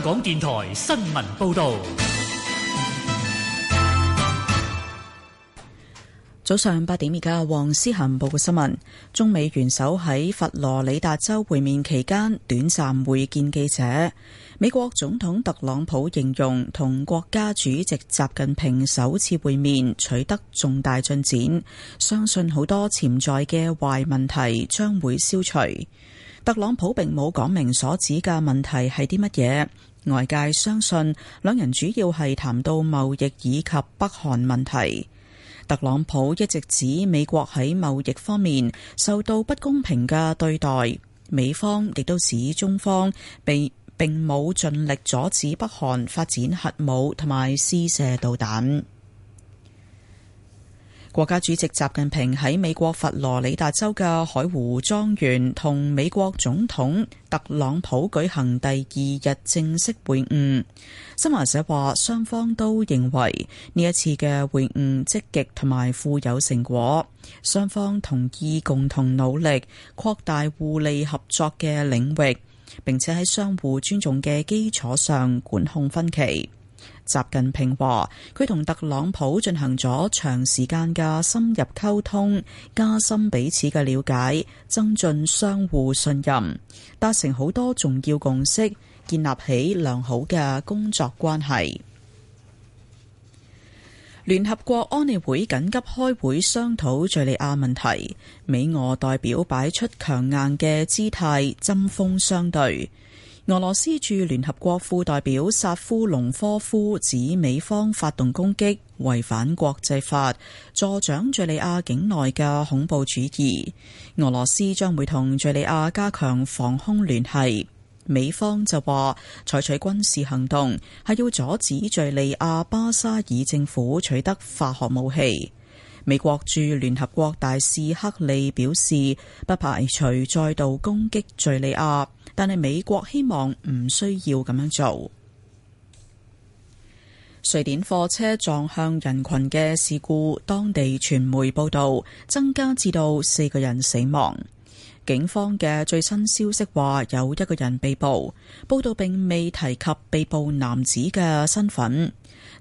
香港電台新聞報道，早上八點而家，黃思嫻報告新聞。中美元首喺佛羅里達州會面期間短暫會見記者。美國總統特朗普形容同國家主席習近平首次會面取得重大進展，相信好多潛在嘅壞問題將會消除。特朗普並冇講明所指嘅問題係啲乜嘢。外界相信，兩人主要係談到貿易以及北韓問題，特朗普一直指美國喺貿易方面受到不公平嘅對待，美方亦都指中方並並冇盡力阻止北韓發展核武同埋試射導彈。國家主席習近平喺美國佛羅里達州嘅海湖莊園同美國總統特朗普舉行第二日正式會晤。新華社話，雙方都認為呢一次嘅會晤積極同埋富有成果，雙方同意共同努力擴大互利合作嘅領域，並且喺相互尊重嘅基礎上管控分歧。習近平話：佢同特朗普進行咗長時間嘅深入溝通，加深彼此嘅了解，增進相互信任，達成好多重要共識，建立起良好嘅工作關係。聯合國安理會緊急開會商討敘利亞問題，美俄代表擺出強硬嘅姿態，針鋒相對。俄羅斯駐聯合國副代表薩夫隆科夫指美方發動攻擊違反國際法，助長敘利亞境內嘅恐怖主義。俄羅斯將會同敘利亞加強防空聯繫。美方就話採取軍事行動係要阻止敘利亞巴沙爾政府取得化學武器。美國駐聯合國大使克利表示，不排除再度攻擊敘利亞，但係美國希望唔需要咁樣做。瑞典貨車撞向人群嘅事故，當地傳媒報道增加至到四個人死亡。警方嘅最新消息話有一個人被捕，報道並未提及被捕男子嘅身份。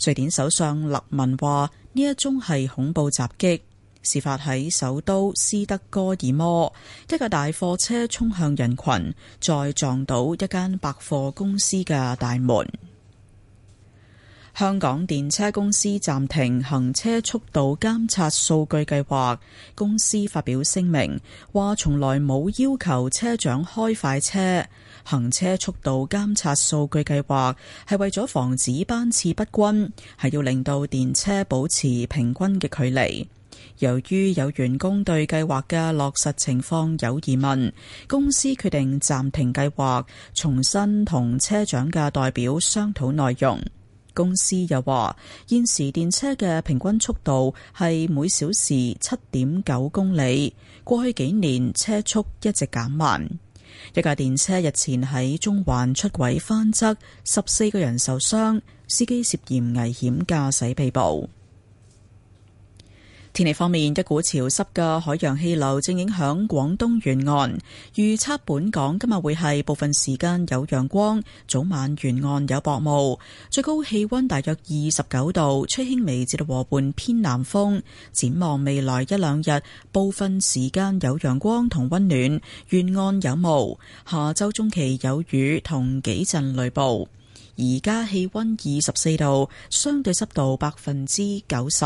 瑞典首相勒文話：呢一宗係恐怖襲擊，事發喺首都斯德哥爾摩，一架大貨車衝向人群，再撞到一間百貨公司嘅大門。香港電車公司暫停行車速度監察數據計劃，公司發表聲明，話：從來冇要求車長開快車。行車速度監察數據計劃係為咗防止班次不均，係要令到電車保持平均嘅距離。由於有員工對計劃嘅落實情況有疑問，公司決定暫停計劃，重新同車長嘅代表商討內容。公司又話，現時電車嘅平均速度係每小時七點九公里，過去幾年車速一直減慢。一架電車日前喺中環出軌翻側，十四個人受傷，司機涉嫌危險駕駛被捕。天氣方面，一股潮濕嘅海洋氣流正影響廣東沿岸。預測本港今日會係部分時間有陽光，早晚沿岸有薄霧，最高氣溫大約二十九度，吹輕微至到和緩偏南風。展望未來一兩日，部分時間有陽光同溫暖，沿岸有霧。下周中期有雨同幾陣雷暴。而家氣溫二十四度，相對濕度百分之九十。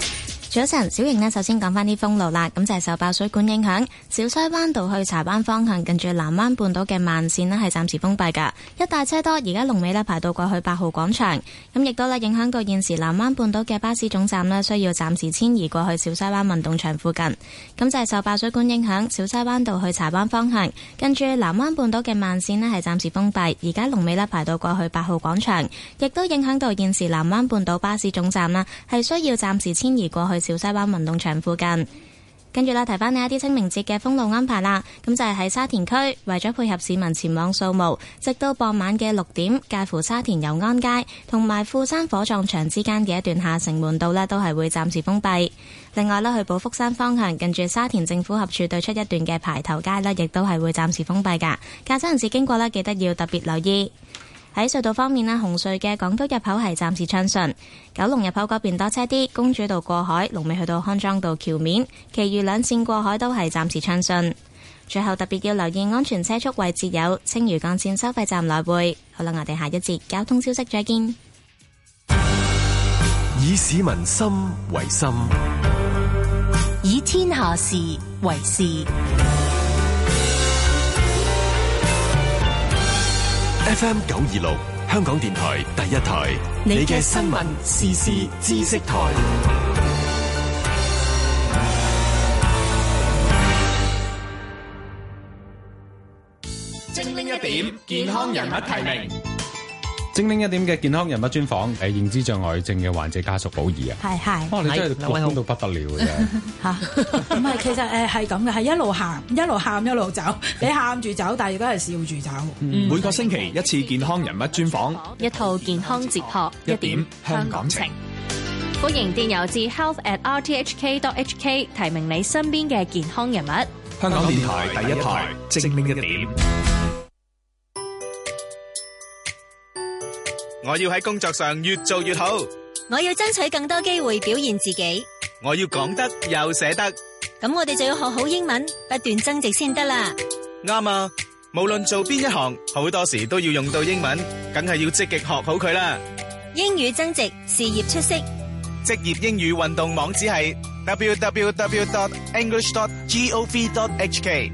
早晨，小瑩呢，首先講翻啲封路啦。咁就係受爆水管影響，小西灣道去柴灣方向，近住南灣半島嘅慢綫呢，係暫時封閉噶。一帶車多，而家龍尾咧排到過去八號廣場，咁亦都咧影響到現時南灣半島嘅巴士總站呢，需要暫時遷移過去小西灣運動場附近。咁就係受爆水管影響，小西灣道去柴灣方向，近住南灣半島嘅慢綫呢，係暫時封閉，而家龍尾咧排到過去八號廣場，亦都影響到現時南灣半島巴士總站啦，係需要暫時遷移過去。小西灣運動場附近，跟住啦，提翻你一啲清明節嘅封路安排啦。咁就係喺沙田區，為咗配合市民前往掃墓，直到傍晚嘅六點，介乎沙田游安街同埋富山火葬場之間嘅一段下城門道呢，都係會暫時封閉。另外咧，去寶福山方向近住沙田政府合署對出一段嘅排頭街呢，亦都係會暫時封閉噶。駕車人士經過呢，記得要特別留意。喺隧道方面咧，紅隧嘅港島入口係暫時暢順，九龍入口嗰邊多車啲。公主道過海，龍尾去到康莊道橋面，其餘兩線過海都係暫時暢順。最後特別要留意安全車速位置有青嶼幹線收費站來回。好啦，我哋下一節交通消息再見。以市民心為心，以天下事為事。FM 九二六，香港電台第一台，你嘅新聞、時事、知識台，精靈一點，健康人物提名。精靈一點嘅健康人物專訪，誒、嗯，認知障礙症嘅患者家屬保儀啊，係係、哦，你真係樂觀到不得了嘅，吓，唔係， 其實誒係咁嘅，係一路喊，一路喊一路走，你喊住走，但係都係笑住走，嗯，每個星期一次健康人物專訪，嗯，一套健康哲學，一點香港情，歡迎電郵至 health at rthk dot hk 提名你身邊嘅健康人物，香港電台第一台精靈一點。我要喺工作上越做越好。我要爭取更多機會表現自己。我要講得又寫得。咁我哋就要學好英文，不斷增值先得啦。啱啊！無論做邊一行，好多時都要用到英文，梗係要積極學好佢啦。英語增值，事業出色。職業英語運動網址係 w w w dot english dot g o v dot h k。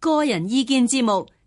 個人意見節目。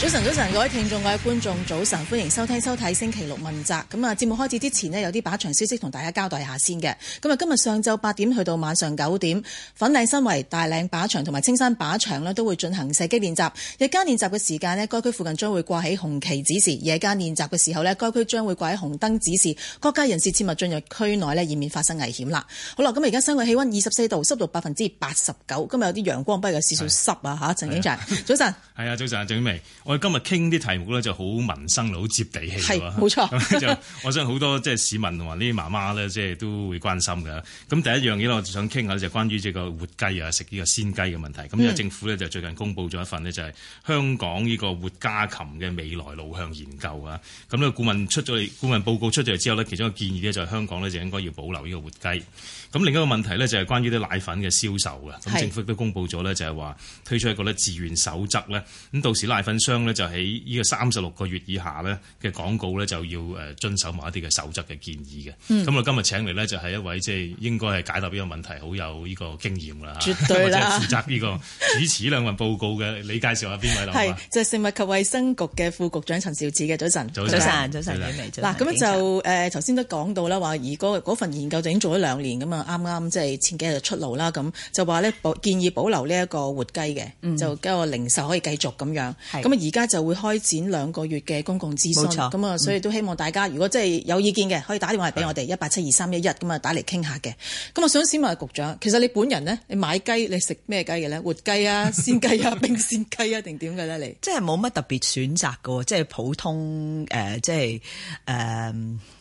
早晨，早晨，各位聽眾、各位觀眾，早晨，歡迎收聽、收睇《星期六問責》。咁啊，節目開始之前呢，有啲靶場消息同大家交代下先嘅。咁啊，今日上晝八點去到晚上九點，粉嶺新圍、大嶺靶場同埋青山靶場呢都會進行射擊練習。日間練習嘅時間呢，該區附近將會掛起紅旗指示；夜間練習嘅時候呢，該區將會掛起紅燈指示。各界人士切勿進入區內呢，以免發生危險啦。好啦，咁而家室外氣溫二十四度，濕度百分之八十九。今日有啲陽光，不過有少少濕啊吓、啊。陳警長，早晨。係啊，早晨，鄭美、啊。 我哋今日傾啲題目咧就好民生、好接地氣喎，冇錯。咁就我想好多即係市民同埋呢啲媽媽咧，即係都會關心㗎。咁第一樣嘢呢，我就想傾下就關關於呢個活雞啊，食呢個鮮雞嘅問題。咁啊，政府咧就最近公布咗一份呢，就係香港呢個活家禽嘅未來路向研究啊。咁個顧問出咗嚟，顧問報告出咗嚟之後呢，其中一個建議呢，就係香港呢，就應該要保留呢個活雞。咁另一個問題呢，就係關於啲奶粉嘅銷售嘅，咁政府都公布咗呢，就係話推出一個呢自願守則呢，咁到時奶粉商呢，就喺呢個三十六個月以下呢嘅廣告呢，就要誒遵守某一啲嘅守則嘅建議嘅。咁、嗯、我今日請嚟呢，就係一位即係應該係解答呢個問題好有呢個經驗啦，絕對啦， 負責呢個主持兩份報告嘅，你介紹下邊位啦？係， 就食、是、物及衛生局嘅副局長陳肇始嘅，早晨，早晨，早晨，嗱，咁、啊、就誒頭先都講到啦，話而嗰嗰份研究就已經做咗兩年咁嘛。啱啱即係前幾日就出爐啦，咁就話咧保建議保留呢一個活雞嘅、嗯，就嗰個零售可以繼續咁樣。咁啊，而家就會開展兩個月嘅公共諮詢。咁啊，所以都希望大家、嗯、如果即係有意見嘅，可以打電話俾我哋一八七二三一一咁啊，打嚟傾下嘅。咁我想問問局長，其實你本人咧，你買雞你食咩雞嘅咧？活雞啊、鮮雞啊、 冰鮮雞啊，定點嘅咧？你即係冇乜特別選擇嘅，即係普通誒、呃、即係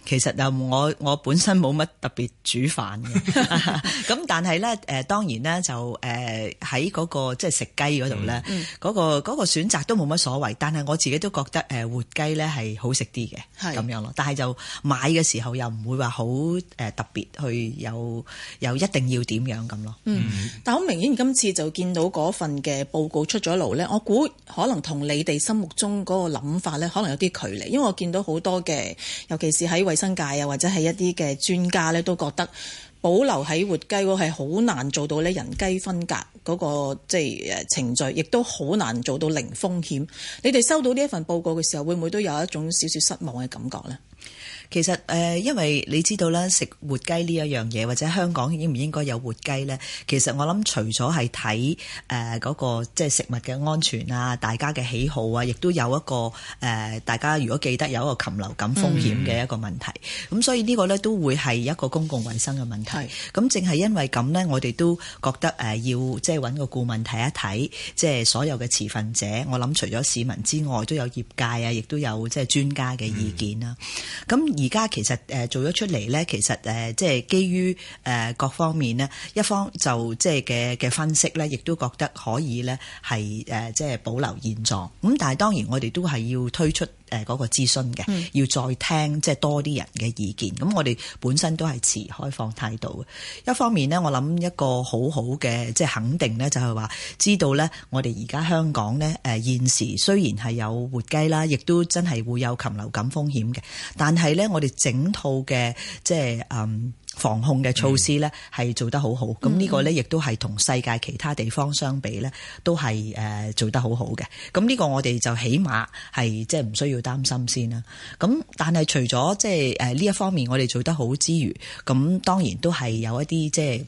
其實又我我本身冇乜特別煮飯嘅， 咁但係咧誒當然咧就誒喺嗰個即係食雞嗰度咧，嗰、嗯嗰個嗰、嗯嗰個選擇都冇乜所謂。但係我自己都覺得誒、呃、活雞咧係好食啲嘅，咁樣咯。但係就買嘅時候又唔會話好特別去有有一定要點樣咁咯、嗯。嗯，但好明顯今次就見到嗰份嘅報告出咗爐咧，我估可能同你哋心目中嗰個諗法咧可能有啲距離，因為我見到好多嘅，尤其是喺新界啊，或者係一啲嘅專家咧，都覺得保留喺活雞嗰係好難做到咧人雞分隔嗰、那個即係誒程序，亦都好難做到零風險。你哋收到呢一份報告嘅時候，會唔會都有一種少少失望嘅感覺呢？其實誒、呃，因為你知道啦，食活雞呢一樣嘢，或者香港應唔應該有活雞呢？其實我諗除咗係睇誒嗰個即係食物嘅安全啊，大家嘅喜好啊，亦都有一個誒、呃，大家如果記得有一個禽流感風險嘅一個問題，咁、嗯、所以呢個呢，都會係一個公共衛生嘅問題。咁正係因為咁呢，我哋都覺得誒要即係揾個顧問睇一睇，即、就、係、是、所有嘅持份者，我諗除咗市民之外，都有業界啊，亦都有即係專家嘅意見啦。咁、嗯而家其實誒做咗出嚟咧，其實誒即係基於誒各方面咧，一方就即係嘅嘅分析咧，亦都覺得可以咧係誒即係保留現狀，咁但係當然我哋都係要推出。誒、那、嗰個諮詢嘅，要再聽即係多啲人嘅意見。咁我哋本身都係持開放態度。一方面呢，我諗一個好好嘅即係肯定呢、就係，就係話知道呢，我哋而家香港呢，誒現時雖然係有活雞啦，亦都真係會有禽流感風險嘅，但係呢，我哋整套嘅即係誒，嗯防控嘅措施咧，係做得好好，咁、嗯、呢、呢個咧亦都係同世界其他地方相比咧，都係誒做得好好嘅。咁、呢、呢個，我哋就起碼係即係唔需要擔心先啦。咁但係除咗即係誒呢一方面我哋做得好之餘，咁當然都係有一啲即係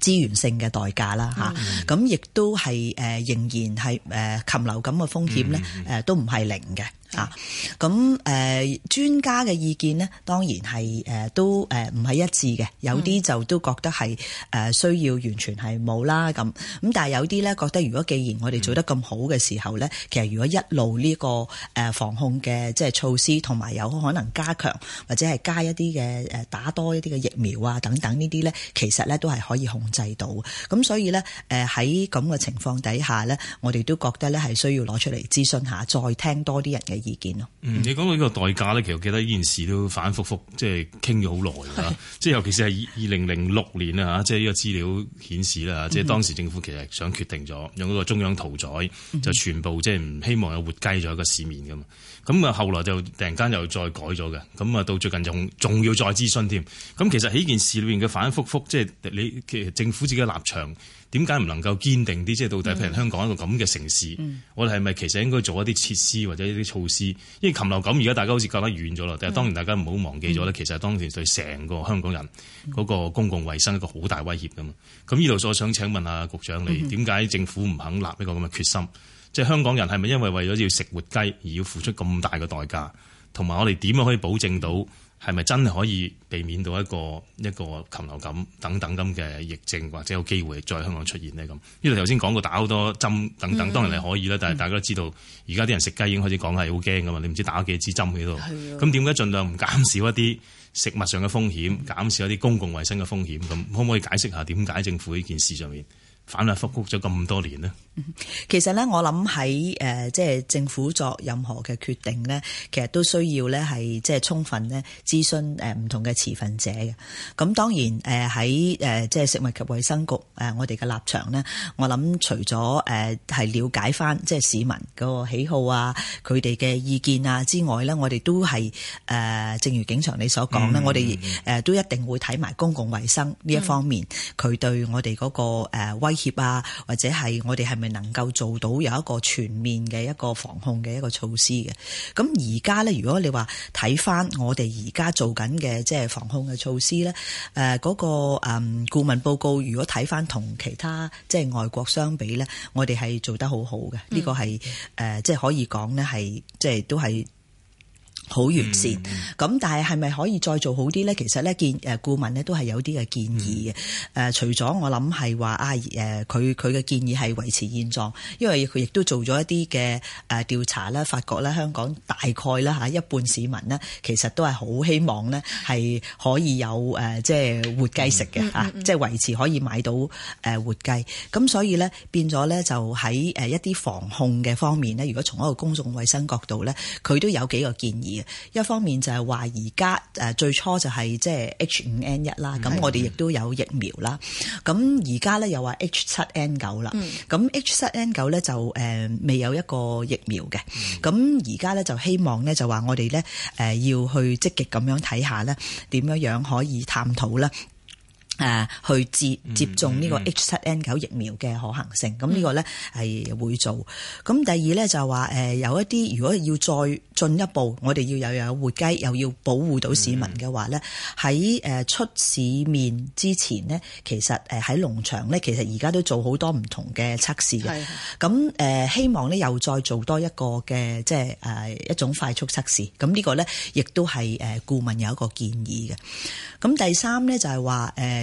資源性嘅代價啦吓，咁、嗯啊、亦都係誒仍然係誒禽流感嘅風險咧，誒都唔係零嘅。啊，咁誒專家嘅意見咧，當然係，誒、呃、都誒唔係一致嘅，有啲就都覺得係，誒、呃、需要完全係冇啦，咁，咁但係有啲咧覺得，如果既然我哋做得咁好嘅時候咧，其實如果一路呢個誒防控嘅即係措施，同埋有，有可能加強或者係加一啲嘅誒打多一啲嘅疫苗啊等等呢啲咧，其實咧都係可以控制到。咁所以咧誒喺咁嘅情況底下咧，我哋都覺得咧係需要攞出嚟諮詢下，再聽多啲人嘅。意見咯，嗯，你講到呢個代價咧，其實我記得呢件事都反反复覆了很久，即係傾咗好耐噶啦，即係尤其是係二二零零六年啊，吓，即係呢個資料顯示啦，即係當時政府其實想決定咗用嗰個中央屠宰，就全部即係唔希望有活雞咗喺個市面噶嘛。咁啊，後來就突然間又再改咗嘅，咁啊到最近仲仲要再諮詢添。咁其實喺呢件事裏邊嘅反反覆覆，即係你其政府自己嘅立場，點解唔能夠堅定啲？即係到底譬如香港一個咁嘅城市，嗯、我哋係咪其實應該做一啲設施或者一啲措施？嗯、因為禽流感而家大家好似隔得遠咗啦。但係當然大家唔好忘記咗咧、嗯，其實當時對成個香港人嗰個公共衛生一個好大威脅噶嘛。咁呢度我想請問啊，局長你點解政府唔肯立一個咁嘅決心？即係香港人係咪因為為咗要食活雞而要付出咁大嘅代價？同埋我哋點樣可以保證到係咪真係可以避免到一個一個禽流感等等咁嘅疫症，或者有機會再香港出現呢？咁呢度頭先講過打好多針等等，當然係可以啦。但係大家都知道，而家啲人食雞已經開始講係好驚噶嘛。你唔知咗打幾支針喺度。咁點解盡量唔減少一啲食物上嘅風險，減少一啲公共衞生嘅風險？咁可唔可以解釋下點解政府呢件事上面？反覆復局咗咁多年咧、嗯，其實咧我諗喺誒即係政府作任何嘅決定咧，其實都需要咧係即係充分咧諮詢誒唔同嘅持份者嘅。咁當然誒喺誒即係食物及衞生局誒我哋嘅立場咧，我諗除咗誒係了解翻即係市民個喜好啊、佢哋嘅意見啊之外咧，我哋都係誒正如警長你所講咧、嗯，我哋誒都一定會睇埋公共衞生呢一方面佢、嗯、對我哋嗰個威。協啊，或者係我哋係咪能夠做到有一個全面嘅一個防控嘅一個措施嘅？咁而家咧，如果你話睇翻我哋而家做緊嘅即係防控嘅措施咧，誒、那、嗰個誒顧問報告，如果睇翻同其他即係外國相比咧，我哋係做得好好嘅，呢個係誒即係可以講咧係即係都係，好完善，咁、嗯、但係係咪可以再做好啲咧？其實咧，建誒顧問咧都係有啲嘅建議嘅。誒、嗯、除咗我諗係話啊誒佢佢嘅建議係維持現狀，因為佢亦都做咗一啲嘅誒調查啦，發覺咧香港大概啦吓一半市民咧，其實都係好希望咧係可以有誒即係活雞食嘅吓，即、嗯、係、嗯嗯啊即係、維持可以買到誒活雞。咁所以咧變咗咧就喺一啲防控嘅方面咧，如果從一個公眾衛生角度咧，佢都有幾個建議。一方面就係話而家誒最初就係即係 H 五 N 一啦，咁我哋亦都有疫苗啦。咁而家咧又話 H 七 N 九啦，咁 H 七 N 九咧就誒、呃、未有一個疫苗嘅。咁而家咧就希望咧就話我哋咧誒要去積極咁樣睇下咧，點樣樣可以探討啦，誒、啊、去接接種呢個 H 七 N 九疫苗嘅可行性，咁、嗯嗯、呢個咧係會做。咁第二咧就話誒、呃、有一啲，如果要再進一步，我哋要又有活雞，又要保護到市民嘅話咧，喺、嗯、出市面之前呢，其實喺農場咧，其實而家都做好多唔同嘅測試嘅。咁、呃、希望咧又再做多一個嘅即係、呃、一種快速測試。咁呢個咧亦都係誒顧問有一個建議嘅。咁第三咧就係、是、話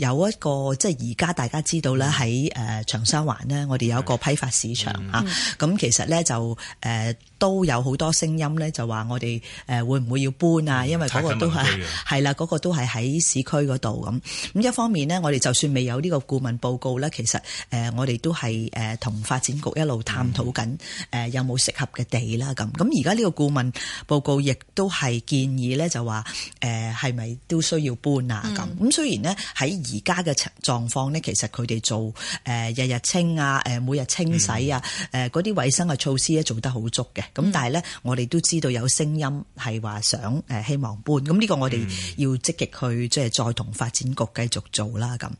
有一個即係而家大家知道咧，喺誒長沙灣呢，我哋有一個批發市場啊。咁、嗯、其實咧就誒、呃、都有好多聲音咧，就話我哋誒會唔會要搬啊、嗯？因為嗰個都係係啦，嗰、嗰個、都係喺市區嗰度咁。咁一方面呢，我哋就算未有呢個顧問報告咧，其實誒、呃、我哋都係誒同發展局一路探討緊誒、嗯、有冇適合嘅地啦。咁咁而家呢個顧問報告亦都係建議咧，就話誒係咪都需要搬啊？咁咁、嗯、雖然呢。喺。而家嘅狀況咧，其實佢哋做誒日日清啊，誒每日清洗啊，誒嗰啲衛生嘅措施咧做得好足嘅。咁、嗯、但係咧，我哋都知道有聲音係話想誒、呃、希望搬，咁、這、呢個我哋要積極去即係、嗯、再同發展局繼續做啦。咁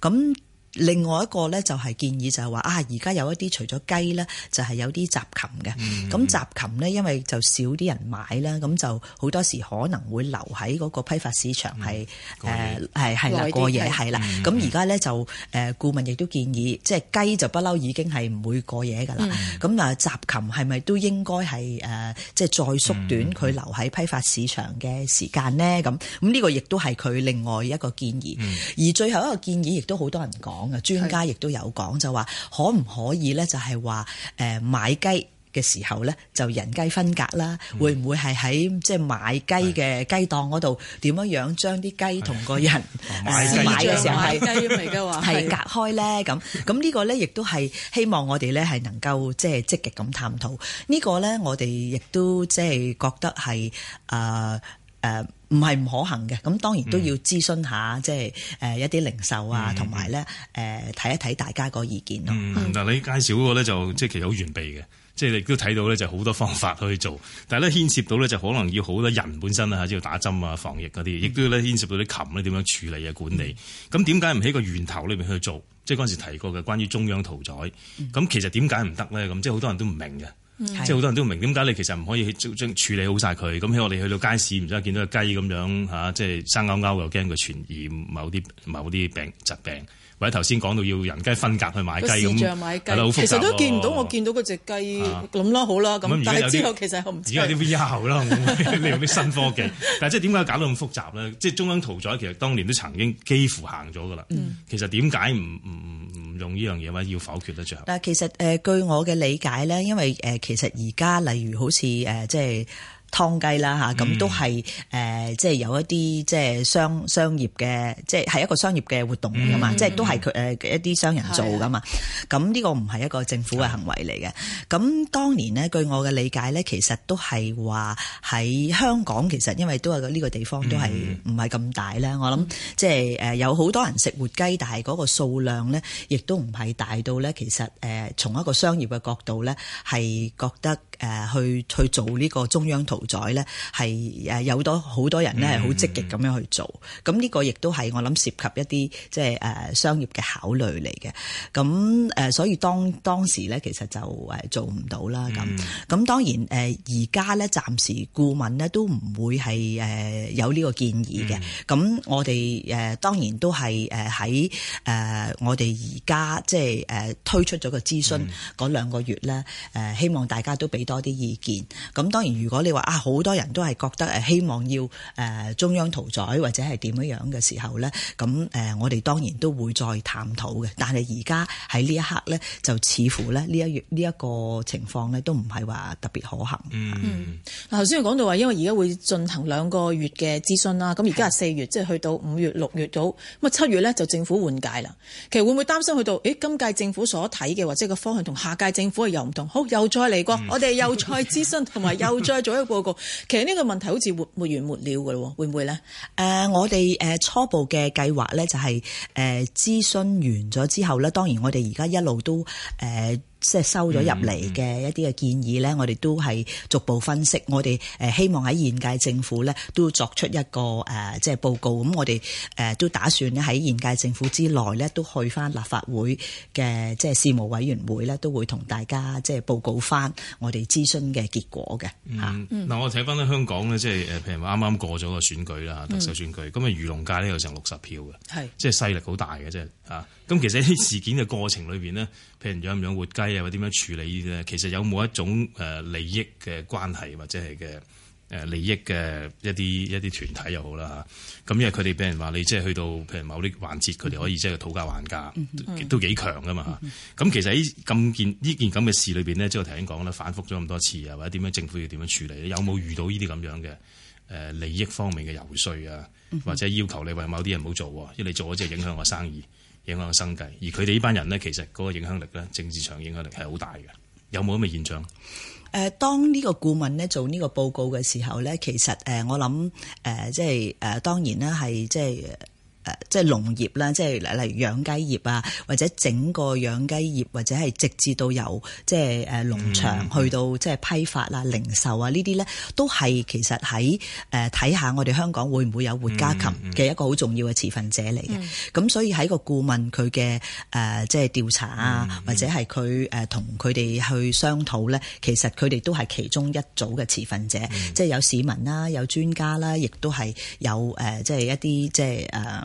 咁。另外一個咧就係建議就係話啊，而家有一啲除咗雞咧，就係、是、有啲雜禽嘅。咁、嗯、雜禽咧，因為就少啲人買啦，咁就好多時可能會留喺嗰個批發市場係誒係係留過夜係啦。咁而家咧就誒顧問亦都建議，即、就、係、是、雞就不嬲已經係唔會過夜噶啦。咁、嗯、啊，雜禽係咪都應該係誒即係再縮短佢留喺批發市場嘅時間咧？咁咁呢個亦都係佢另外一個建議、嗯。而最後一個建議亦都好多人講。專家亦都有講，就話可唔可以咧？就係話誒，買雞嘅時候咧，就人雞分隔啦，嗯，會唔會係喺即係買雞嘅雞檔嗰度，點樣樣將啲雞同個人買嘅時候係雞嚟噶，係隔開咧？咁咁呢個咧，亦都係希望我哋咧係能夠即係積極咁探討呢。呢個咧，我哋亦都即係覺得係誒。呃誒唔係唔可行嘅，咁當然都要諮詢下，嗯、即係誒、呃、一啲零售啊，同埋咧誒睇一睇大家個意見咯。嗱、嗯，但你介紹嗰個咧就即係其實好完備嘅，即係你亦都睇到咧就好多方法去做，但係咧牽涉到咧就可能要好多人本身啊，即係打針啊、防疫嗰啲，亦都咧牽涉到啲禽咧點樣處理啊管理。咁點解唔喺個源頭裏面去做？即係嗰陣時提過嘅關於中央屠宰，咁其實點解唔得咧？咁即係好多人都唔明嘅。嗯、即係好多人都唔明點解你其實唔可以將處理好晒佢咁，喺我哋去到街市唔使見到隻雞咁樣、吓、即係生勾勾又驚佢傳染某啲某啲病疾病。或者頭先講到要人雞分隔去買雞咁，其實都見唔到我，我見到嗰隻雞咁啦、啊，好啦咁。但係之後其實我唔知。而啲 vr 啦， 你用啲新科技。 但係即係點解搞到咁複雜咧？即係中央屠宰其實當年都曾經幾乎行咗噶啦。其實點解唔唔唔用樣呢樣嘢咧？要否決得着，但係嗱、呃呃，其實誒據我嘅理解咧，因為誒其實而家例如好似誒、呃、即係。劏雞啦吓咁都係誒、嗯，即係有一啲即係商商業嘅，即係一個商業嘅活動噶嘛，即、嗯、係都係佢一啲商人做噶嘛。咁呢個唔係一個政府嘅行為嚟嘅。咁、嗯、當年呢，據我嘅理解呢，其實都係話喺香港，其實因為都係呢個地方都係唔係咁大啦、嗯。我諗即係誒有好多人食活雞，但係嗰個數量呢，亦都唔係大到呢。其實誒從一個商業嘅角度呢，係覺得。誒去去做呢個中央屠宰咧，係誒有多好多人咧係好積極咁樣去做，咁、嗯、呢、嗯、個亦都係我諗涉及一啲即係誒商業嘅考慮嚟嘅。咁誒，所以當當時咧，其實就誒做唔到啦。咁、嗯、咁當然誒而家咧，暫時顧問咧都唔會係誒有呢個建議嘅。咁、嗯、我哋誒當然都係誒喺誒我哋而家即係誒推出咗個諮詢嗰兩個月咧，誒、嗯、希望大家都俾多啲意見，咁當然如果你話啊，好多人都係覺得誒希望要誒、呃、中央屠宰或者係點樣樣嘅時候咧，咁誒、呃、我哋當然都會再探討嘅。但係而家喺呢一刻咧，就似乎咧呢一月呢一個情況咧，都唔係話特別可行。嗯，頭先講到話，因為而家會進行兩個月嘅諮詢啦。咁而家係四月，是即係去到五月、六月到咁啊，七月咧就政府換屆啦。其實會唔會擔心去到誒今屆政府所睇嘅或者個方向同下屆政府又唔同？好，又再嚟過我哋。嗯又再諮詢同埋又再做一個報告。其實呢個問題好似沒沒完沒了嘅咯，會唔會咧？誒、呃，我哋誒初步嘅計劃咧就係、是、誒、呃、諮詢完咗之後咧，當然我哋而家一路都誒。呃即係收咗入嚟嘅一啲嘅建議呢、嗯嗯，我哋都係逐步分析。我哋希望喺現屆政府呢，都作出一個即係報告。咁我哋都打算喺現屆政府之內呢，都去翻立法會嘅即係事務委員會呢，都會同大家即係報告翻我哋諮詢嘅結果嘅嚇嗱、嗯嗯，我睇翻香港呢，即係譬如啱啱過咗個選舉啦，特首選舉，咁、嗯、啊漁農界呢有成六十票嘅，即係勢力好大嘅，即係啊。咁其實喺事件嘅過程裏面呢。嗯嗯譬如養唔養活雞啊，或者點樣處理咧？其實有冇一種誒利益嘅關係，或者係嘅誒利益嘅一啲一啲團體又好啦嚇。咁因為佢哋俾人話你即係去到譬如某啲環節，佢哋可以即係討價還價，都幾強噶嘛嚇。咁其實喺咁件呢件咁嘅事裏邊咧，即係我頭先講啦，反覆咗咁多次啊，或者點樣政府要點樣處理？有冇遇到呢啲咁樣嘅誒利益方面嘅遊說啊，或者要求你為某啲人唔好做，因為你做咗即係影響我生意。影響生計，而佢哋呢班人咧，其實嗰個影響力咧，政治上影響力係好大嘅。有冇咁嘅現象？誒、呃，當個呢個顧問咧做呢個報告嘅時候咧，其實誒、呃，我諗誒、呃，即係誒、呃，當然啦，係即係。誒，即係農業啦，即係例如養雞業啊，或者整個養雞業，或者係直至到由即係誒農場去到即係批發啊、零售啊呢啲咧，都係其實喺誒睇下我哋香港會唔會有活家禽嘅一個好重要嘅持份者嚟嘅。咁、嗯、所以喺個顧問佢嘅誒即係調查啊，或者係佢誒同佢哋去商討咧，其實佢哋都係其中一組嘅持份者，即、嗯、係有市民啦，有專家啦，亦都係有誒，即係一啲即係誒。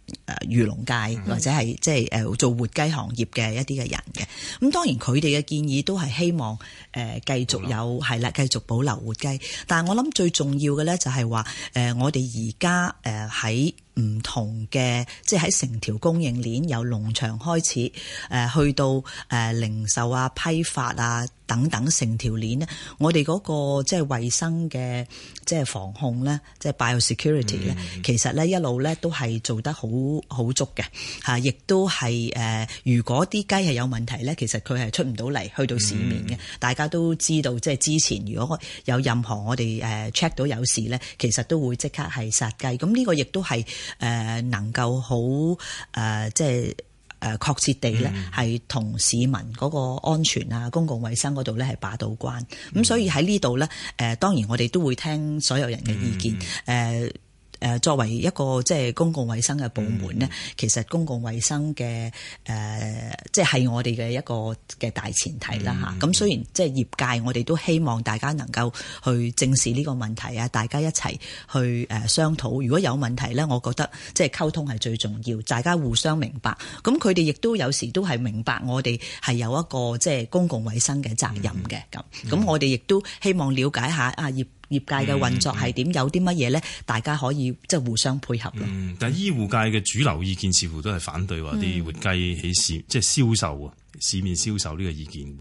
誒、呃、漁農界或者係即係誒做活雞行業嘅一啲嘅人嘅，咁當然佢哋嘅建議都係希望誒、呃、繼續有係啦，繼續保留活雞。但係我諗最重要嘅咧，就係話誒我哋而家誒喺唔同嘅，即係喺成條供應鏈由農場開始誒、呃，去到誒、呃、零售啊、批發啊等等成條鏈咧，我哋嗰、那個即係衞生嘅即係防控咧，即、就、係、是、biosecurity 咧、嗯，其實咧一路咧都係做得好。好好足嘅嚇，亦、啊、都係誒、呃。如果啲雞係有問題咧，其實佢係出唔到嚟去到市面嘅、嗯。大家都知道，即係之前如果有任何我哋誒 check 到有事咧，其實都會即刻係殺雞。咁呢個亦都係誒能夠好誒、呃，即係誒、呃、確切地咧，係同市民嗰個安全啊、嗯、公共衞生嗰度咧係把到關。咁、嗯、所以喺呢度咧，誒、呃、當然我哋都會聽所有人嘅意見，誒、嗯。呃誒作為一個即係公共衛生嘅部門咧、嗯，其實公共衛生嘅誒，即、呃、係、就是、我哋嘅一個嘅大前提啦嚇。咁、嗯、雖然即係業界，我哋都希望大家能夠去正視呢個問題啊、嗯，大家一齊去誒商討。如果有問題咧，我覺得即係溝通係最重要，大家互相明白。咁佢哋亦都有時都係明白我哋係有一個即係公共衛生嘅責任嘅咁。咁、嗯、我哋亦都希望了解下、嗯、啊業業界嘅運作係點、嗯？有啲乜嘢咧？大家可以即係互相配合咯、嗯。但係醫護界嘅主流意見似乎都係反對話啲活雞起市，即係銷售啊，市面銷售呢個意見。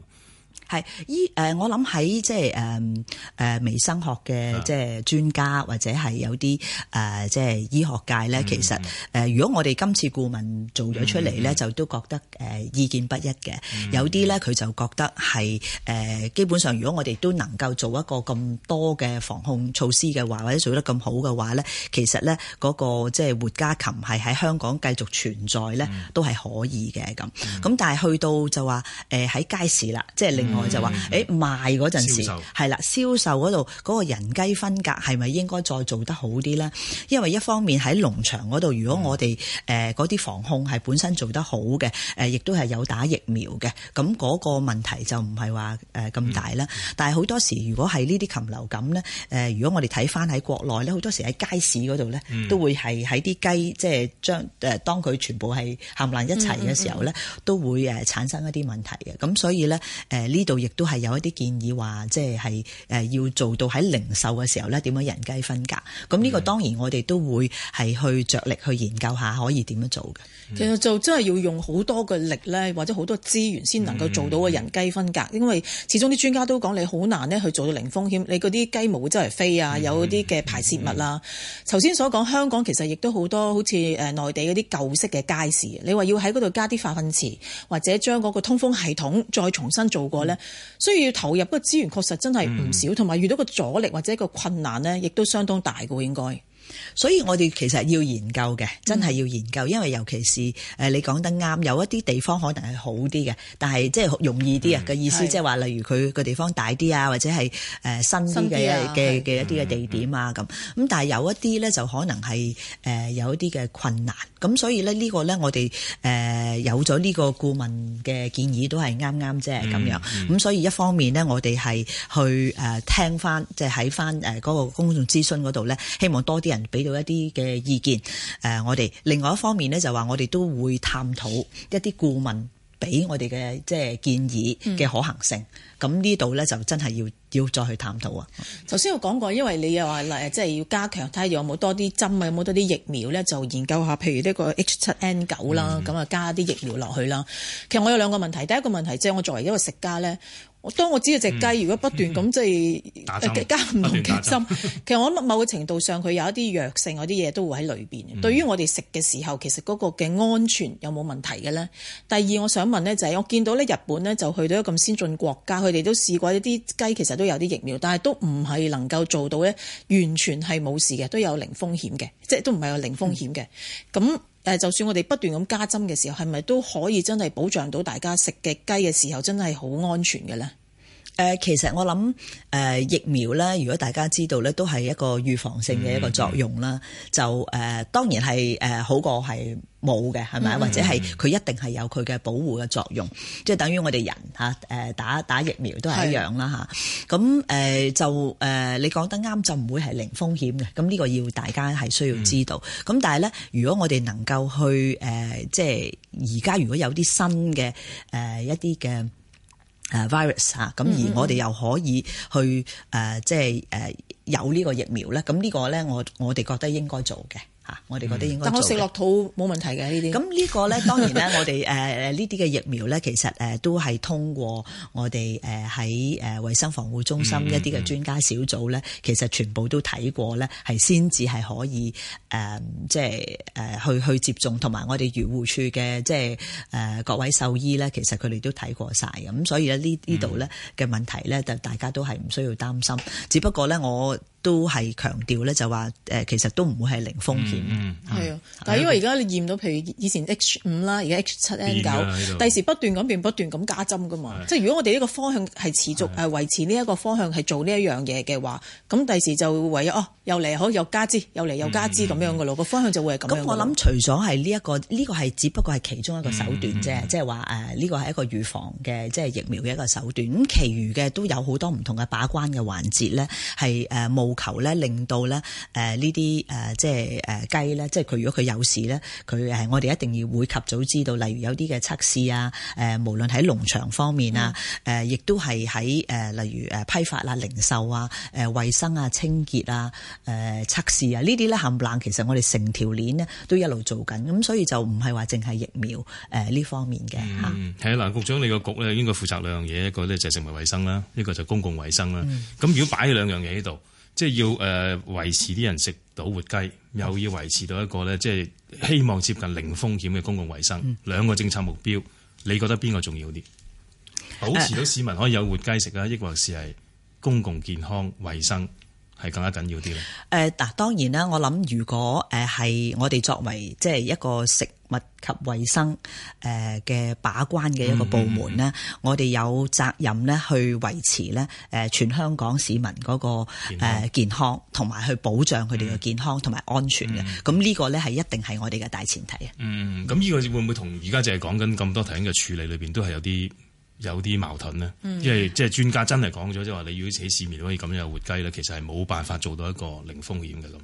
係醫誒，我諗喺即係誒誒微生物學嘅即係專家，或者係有啲誒即係醫學界咧，嗯嗯其實誒如果我哋今次顧問做咗出嚟咧，嗯嗯就都覺得誒意見不一嘅。嗯嗯有啲咧佢就覺得係誒基本上，如果我哋都能夠做一個咁多嘅防控措施嘅話，或者做得咁好嘅話咧，其實咧嗰個即係活家禽係喺香港繼續存在咧，都係可以嘅咁。咁、嗯嗯、但係去到就話誒喺街市啦，即係另外。嗯、就話誒、欸、賣嗰陣時係啦，銷售嗰度嗰個人雞分隔係咪應該再做得好啲咧？因為一方面喺農場嗰度，如果我哋嗰啲防控係本身做得好嘅，亦都係有打疫苗嘅，咁嗰個問題就唔係話咁大啦。嗯嗯、但係好多時如果係呢啲禽流感咧、呃，如果我哋睇返喺國內咧，好多時喺街市嗰度咧，都會係喺啲雞即係將誒、呃、當佢全部係冚唪唥一齊嘅時候咧、嗯嗯嗯，都會產生一啲問題嘅。咁所以咧呢？呃就亦都係有一啲建議話，即係誒要做到喺零售嘅時候咧，點樣人雞分隔？咁、嗯、呢、這個當然我哋都會係去着力去研究下，可以點樣做嘅、嗯。其實就真係要用好多嘅力咧，或者好多資源先能夠做到個人雞分隔，嗯、因為始終啲專家都講你好難咧去做到零風險，你嗰啲雞毛周圍飛啊、嗯，有啲嘅排泄物啦。頭、嗯、先、嗯、所講香港其實亦都好多好似誒內地嗰啲舊式嘅街市，你話要喺嗰度加啲化糞池，或者將嗰個通風系統再重新做過咧。所以要投入個資源確實真係唔少，同、嗯、埋遇到個阻力，或者一個困難呢，亦都相當大嘅應該。所以我哋其實要研究嘅，真係要研究、嗯，因為尤其是誒你講得啱，有一啲地方可能係好啲嘅，但係即係容易啲啊嘅意思，即係話例如佢個地方大啲啊，或者係誒新嘅嘅嘅一啲嘅地點啊咁，咁、嗯、但係有一啲咧就可能係誒有一啲嘅困難，咁、嗯、所以咧呢個咧我哋誒有咗呢個顧問嘅建議都係啱啱啫咁樣，咁、嗯嗯、所以一方面呢，我哋係去誒聽翻即係喺翻誒嗰個公眾諮詢嗰度咧，希望多啲人。俾到一啲嘅意見，誒、呃，我哋另外一方面咧就話，我哋都會探討一啲顧問俾我哋嘅即係建議嘅可行性。咁、嗯、呢度咧就真係要要再去探討啊。頭、嗯、先我講過，因為你又話，即係要加強睇下有冇多啲針啊，有冇多啲疫苗咧，就研究下，譬如呢個 H 七 N 九啦，咁啊加啲疫苗落去啦。其實我有兩個問題，第一個問題即係我作為一個食家咧。當當我知道隻雞如果不斷咁即係加唔同嘅針,針，其實我諗某個程度上佢有一啲藥性嗰啲嘢都會喺裏面。對、嗯、對於我哋食嘅時候，其實嗰個嘅安全有冇問題嘅咧？第二我想問咧、就是，就係我見到咧日本咧就去到一個咁先進國家，佢哋都試過一啲雞其實都有啲疫苗，但係都唔係能夠做到咧完全係冇事嘅，都有零風險嘅，即係都唔係有零風險嘅咁。嗯但係就算我哋不斷咁加針嘅時候，係咪都可以真係保障到大家食嘅雞嘅時候，真係好安全嘅咧？誒、呃，其實我諗，誒、呃、疫苗咧，如果大家知道咧，都係一個預防性嘅一個作用啦、嗯。就誒、呃，當然係誒好過係冇嘅，係、呃、咪、嗯？或者係佢一定係有佢嘅保護嘅作用，即係等於我哋人吓，誒、啊、打打疫苗都係一樣啦吓。咁誒、啊呃、就誒、呃，你講得啱，就唔會係零風險嘅。咁呢個要大家係需要知道。咁、嗯、但係咧，如果我哋能夠去誒、呃，即係而家如果有啲新嘅誒、呃、一啲嘅。virus 咁而我哋又可以去誒，即係誒有呢個疫苗咧。咁、這、呢個咧，我我哋覺得應該做嘅。吓、啊，我哋覺得應該、嗯。但我食落肚冇問題嘅呢啲。咁呢個咧，當然咧，我哋誒誒呢啲嘅疫苗咧，其實誒、呃、都係通過我哋誒喺誒衛生防護中心一啲嘅專家小組咧、嗯嗯，其實全部都睇過咧，係先至係可以誒、呃，即係誒、呃、去去接種，同埋我哋漁護處嘅即係誒、呃、各位獸醫咧，其實佢哋都睇過晒嘅。咁所以咧呢呢度咧嘅問題咧，大大家都係唔需要擔心、嗯。只不過咧我。都係強調咧，就話誒，其實都唔會係零風險。嗯，係啊。是但係因為而家你驗到，譬如以前 H 五啦，而家 H 七 N 九，第時不斷咁變，不斷咁加針噶嘛。即係如果我哋呢個方向係持續係維持呢一個方向係做呢一樣嘢嘅話，咁第時就唯有哦，又嚟，好，又加支，又嚟又加支咁、嗯、樣嘅咯。個方向就會係咁。咁我諗除咗係呢一個，呢、這個係只不過係其中一個手段啫、嗯，即係話誒，呢、呃這個係一個預防嘅即係疫苗嘅一個手段。咁，其餘嘅都有好多唔同嘅把關嘅環節咧，係誒冇。要求咧，令到咧，誒呢啲誒，即係誒雞咧，即係佢如果佢有事咧，佢我哋一定要會及早知道。例如有啲嘅測試啊，誒無論喺農場方面啊，誒、嗯、亦都係喺誒例如誒批發呀、零售啊、誒衛生啊、清潔啊、誒測試啊呢啲咧冚冷，其實我哋成條鏈咧都一路做緊，咁所以就唔係話淨係疫苗誒呢方面嘅。嗯，係啊，局長你個局咧應該負責兩樣嘢，一個咧就食物衛生啦，一個就公共衛生啦。咁、嗯、如果擺喺兩樣嘢喺度。即係要誒維持啲人食到活雞，又要維持到一個咧，即係希望接近零風險嘅公共衛生兩個政策目標，你覺得邊個重要啲？保持到市民可以有活雞食啊，抑或是係公共健康衛生？係更加緊要啲咧？誒、呃、嗱，當然啦，我諗如果誒係我哋作為即係一個食物及衛生誒嘅把關嘅一個部門呢，嗯嗯、我哋有責任呢去維持呢誒全香港市民嗰個健康，同埋去保障佢哋嘅健康同埋、嗯、安全嘅。咁、嗯、呢個呢，係一定係我哋嘅大前提啊。嗯，咁呢個會唔會同而家就係講緊咁多樣嘅處理裏邊都，都係有啲？有啲矛盾咧，因、嗯、為即係專家真係講咗，即係話你如果喺市面可以咁樣活雞咧，其實係冇辦法做到一個零風險嘅咁。誒、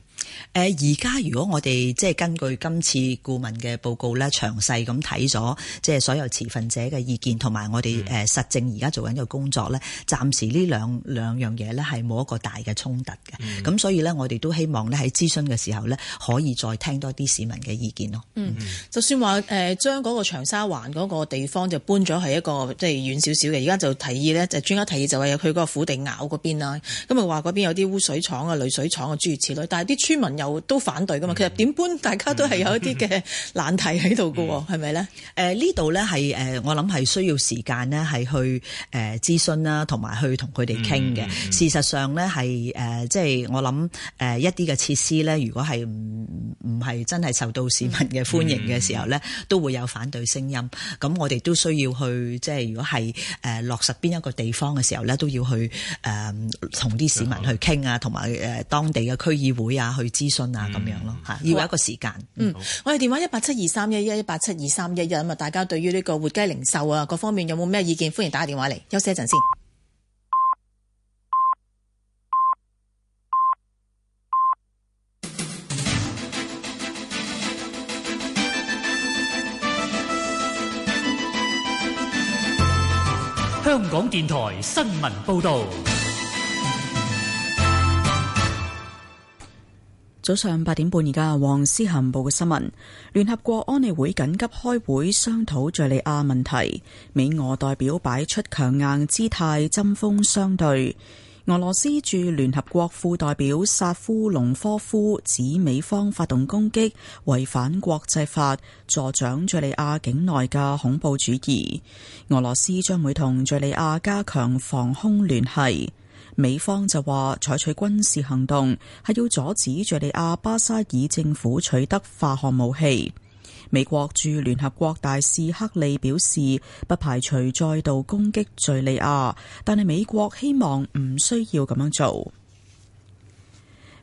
呃，而家如果我哋即係根據今次顧問嘅報告咧，詳細咁睇咗，即係所有持份者嘅意見同埋我哋誒實證而家做緊嘅工作咧，暫、嗯、時呢兩兩樣嘢咧係冇一個大嘅衝突嘅。咁、嗯、所以咧，我哋都希望咧喺諮詢嘅時候咧，可以再聽多啲市民嘅意見咯、嗯。嗯，就算話誒將嗰個長沙灣嗰個地方就搬咗係一個即係。遠少少嘅，而家就提議咧，就是，專家提議就話有佢嗰個虎地㘭嗰邊啦，咁又話嗰邊有啲污水廠啊、濾水廠啊、諸如此類，但係啲村民又都反對噶嘛，其實點搬大家都係有一啲嘅難題喺度噶，係咪咧？誒、呃、呢度咧係誒，我諗係需要時間咧，係去誒、呃、諮詢啦，同埋去同佢哋傾嘅。事實上咧係誒，即係、呃就是、我諗誒、呃、一啲嘅設施咧，如果係唔唔係真係受到市民嘅歡迎嘅時候咧、嗯，都會有反對聲音。咁我哋都需要去即係如果係。係誒、呃、落實邊一個地方嘅時候咧，都要去誒同啲市民去傾啊，同埋誒當地嘅區議會啊去諮詢啊，咁、嗯、樣咯吓，要有一個時間。嗯，嗯我哋電話一八七二三一一一八七二三一一，咁啊，大家對於呢個活雞零售啊各方面有冇咩意見？歡迎打個電話嚟。休息一陣先。香港電台新聞報道，早上八點半而家黃思涵報嘅新聞。聯合國安理會緊急開會商討敘利亞問題，美俄代表擺出強硬姿態，針鋒相對。俄羅斯駐聯合國副代表薩夫隆科夫指美方發動攻擊違反國際法，助長敘利亞境內嘅恐怖主義。俄羅斯將會同敘利亞加強防空聯繫。美方就話採取軍事行動係要阻止敘利亞巴沙爾政府取得化學武器。美國駐聯合國大使克利表示，不排除再度攻擊敘利亞，但係美國希望唔需要咁樣做。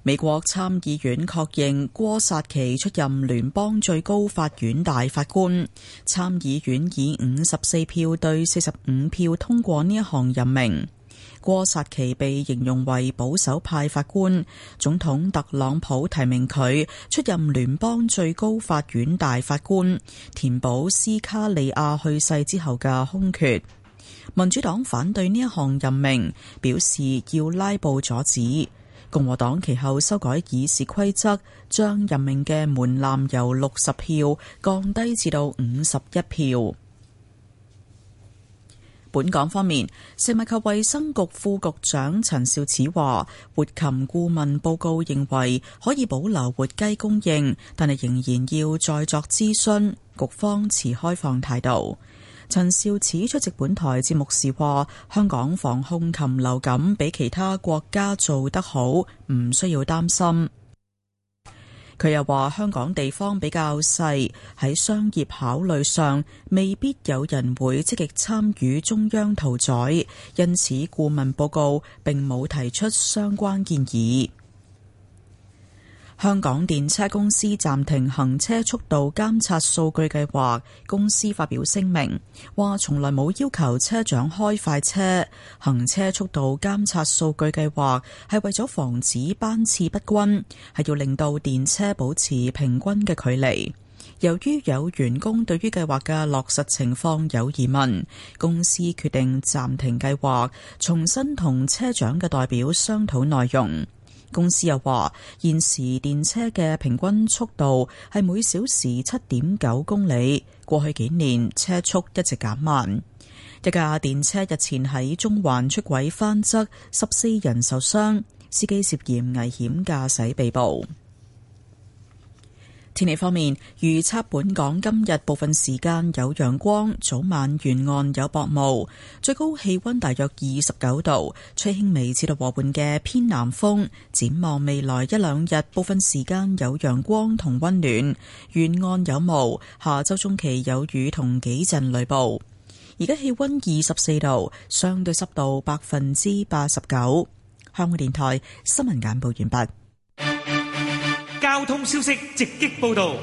美國參議院確認郭薩奇出任聯邦最高法院大法官，參議院以五十四票對四十五票通過呢一項任命。戈薩奇被形容為保守派法官，總統特朗普提名佢出任聯邦最高法院大法官，填補斯卡利亞去世之後嘅空缺。民主黨反對呢一項任命，表示要拉布阻止。共和黨其後修改議事規則，將任命嘅門檻由六十票降低至到五十一票。本港方面，食物及衛生局副局長陳肇始話活禽顧問報告，認為可以保留活雞供應，但係仍然要再作諮詢，局方持開放態度。陳肇始出席本台節目時話，香港防控禽流感比其他國家做得好，唔需要擔心。佢又話：香港地方比較細，喺商業考慮上，未必有人會積極參與中央屠宰，因此顧問報告並冇提出相關建議。香港電車公司暫停行車速度監察數據計劃。公司發表聲明，話從來冇要求車長開快車。行車速度監察數據計劃係為咗防止班次不均，係要令到電車保持平均嘅距離。由於有員工對於計劃嘅落實情況有疑問，公司決定暫停計劃，重新同車長嘅代表商討內容。公司又話，現時電車嘅平均速度係每小時七點九公里。過去幾年車速一直減慢。一架電車日前喺中環出軌翻側，十四人受傷，司機涉嫌危險駕駛被捕。天氣方面，預測本港今日部分時間有陽光，早晚沿岸有薄霧，最高氣溫大約二十九度，吹輕微至到和緩嘅偏南風。展望未來一兩日，部分時間有陽光同溫暖，沿岸有霧。下周中期有雨同幾陣雷暴。而家氣溫二十四度，相對濕度百分之八十九。香港電台新聞簡報完畢。交通消息直擊報道。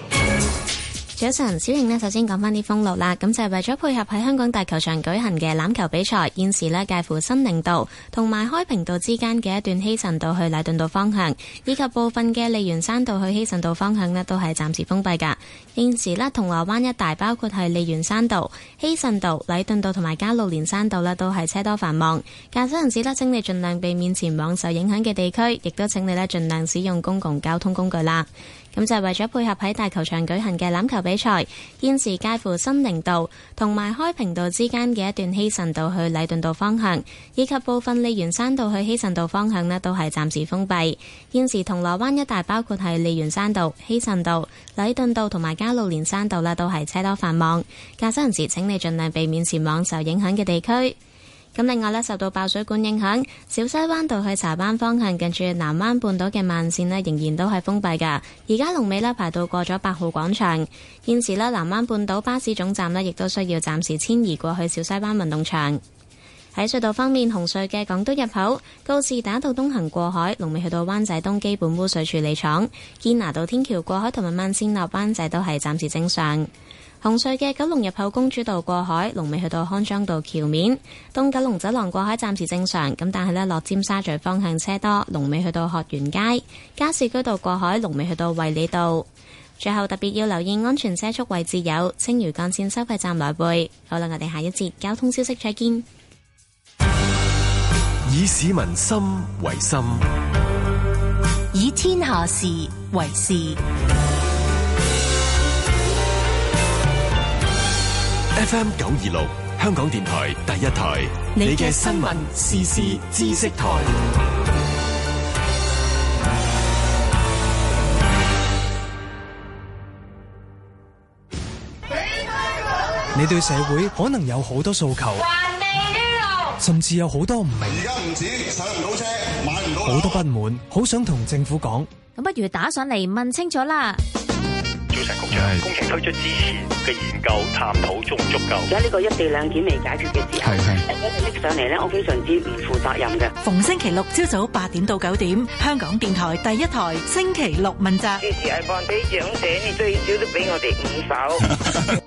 早晨，小瑩呢，首先講返啲封路啦。咁就係、是、為咗配合喺香港大球場舉行嘅欖球比賽，現時呢，介乎新寧道同埋開平道之間嘅一段希慎道去禮頓道方向，以及部分嘅利園山道去希慎道方向呢，都係暫時封閉噶。現時呢，銅鑼灣一帶，包括係利園山道、希慎道、禮頓道同埋加路連山道呢，都係車多繁忙。駕駛人士呢，請你盡量避免前往受影響嘅地區，亦都請你呢盡量使用公共交通工具啦。咁就係為咗配合喺大球場舉行嘅欖球比賽，現時介乎新寧道同埋開平道之間嘅一段希慎道去禮頓道方向，以及部分利園山道去希慎道方向都係暫時封閉。現時銅鑼灣一帶，包括係利園山道、希慎道、禮頓道同埋加路連山道都係車多繁忙。駕駛人士請你盡量避免前往受影響嘅地區。咁另外呢，受到爆水管影響，小西灣道去柴灣方向近住南灣半島嘅慢線呢，仍然都係封閉噶。而家龍尾呢，排到過咗八號廣場，現時呢，南灣半島巴士總站呢，亦都需要暫時遷移過去小西灣運動場。喺隧道方面，紅隧嘅港島入口、告士打道東行過海、龍尾去到灣仔東基本污水處理廠、堅拿道天橋過海同埋慢線落灣仔都係暫時正常。紅隧嘅九龍入口，公主道過海，龍尾去到康莊道橋面；東九龍走廊過海暫時正常，咁但係落尖沙咀方向車多，龍尾去到鶴園街；加士居道過海，龍尾去到衛理道。最後特別要留意安全車速位置，有青嶼幹線收費站來回。好啦，我哋下一節交通消息再見。以市民心為心，以天下事為事。FM 九二六，香港電台第一台，你嘅新聞時事知識台。你對社會可能有好多訴求，甚至有好多唔明，而家唔止，上唔到車，買唔到，好多不滿，好想同政府講。咁不如打上嚟問清楚啦。局長工程推出之前嘅研究探討足唔足夠？而家呢個一地兩檢未解決嘅時候，一拎上嚟咧，我非常之唔負責任嘅。逢星期六朝早八點到九點，香港電台第一台星期六問責。支持係放畀長者，你最少都俾我哋五手。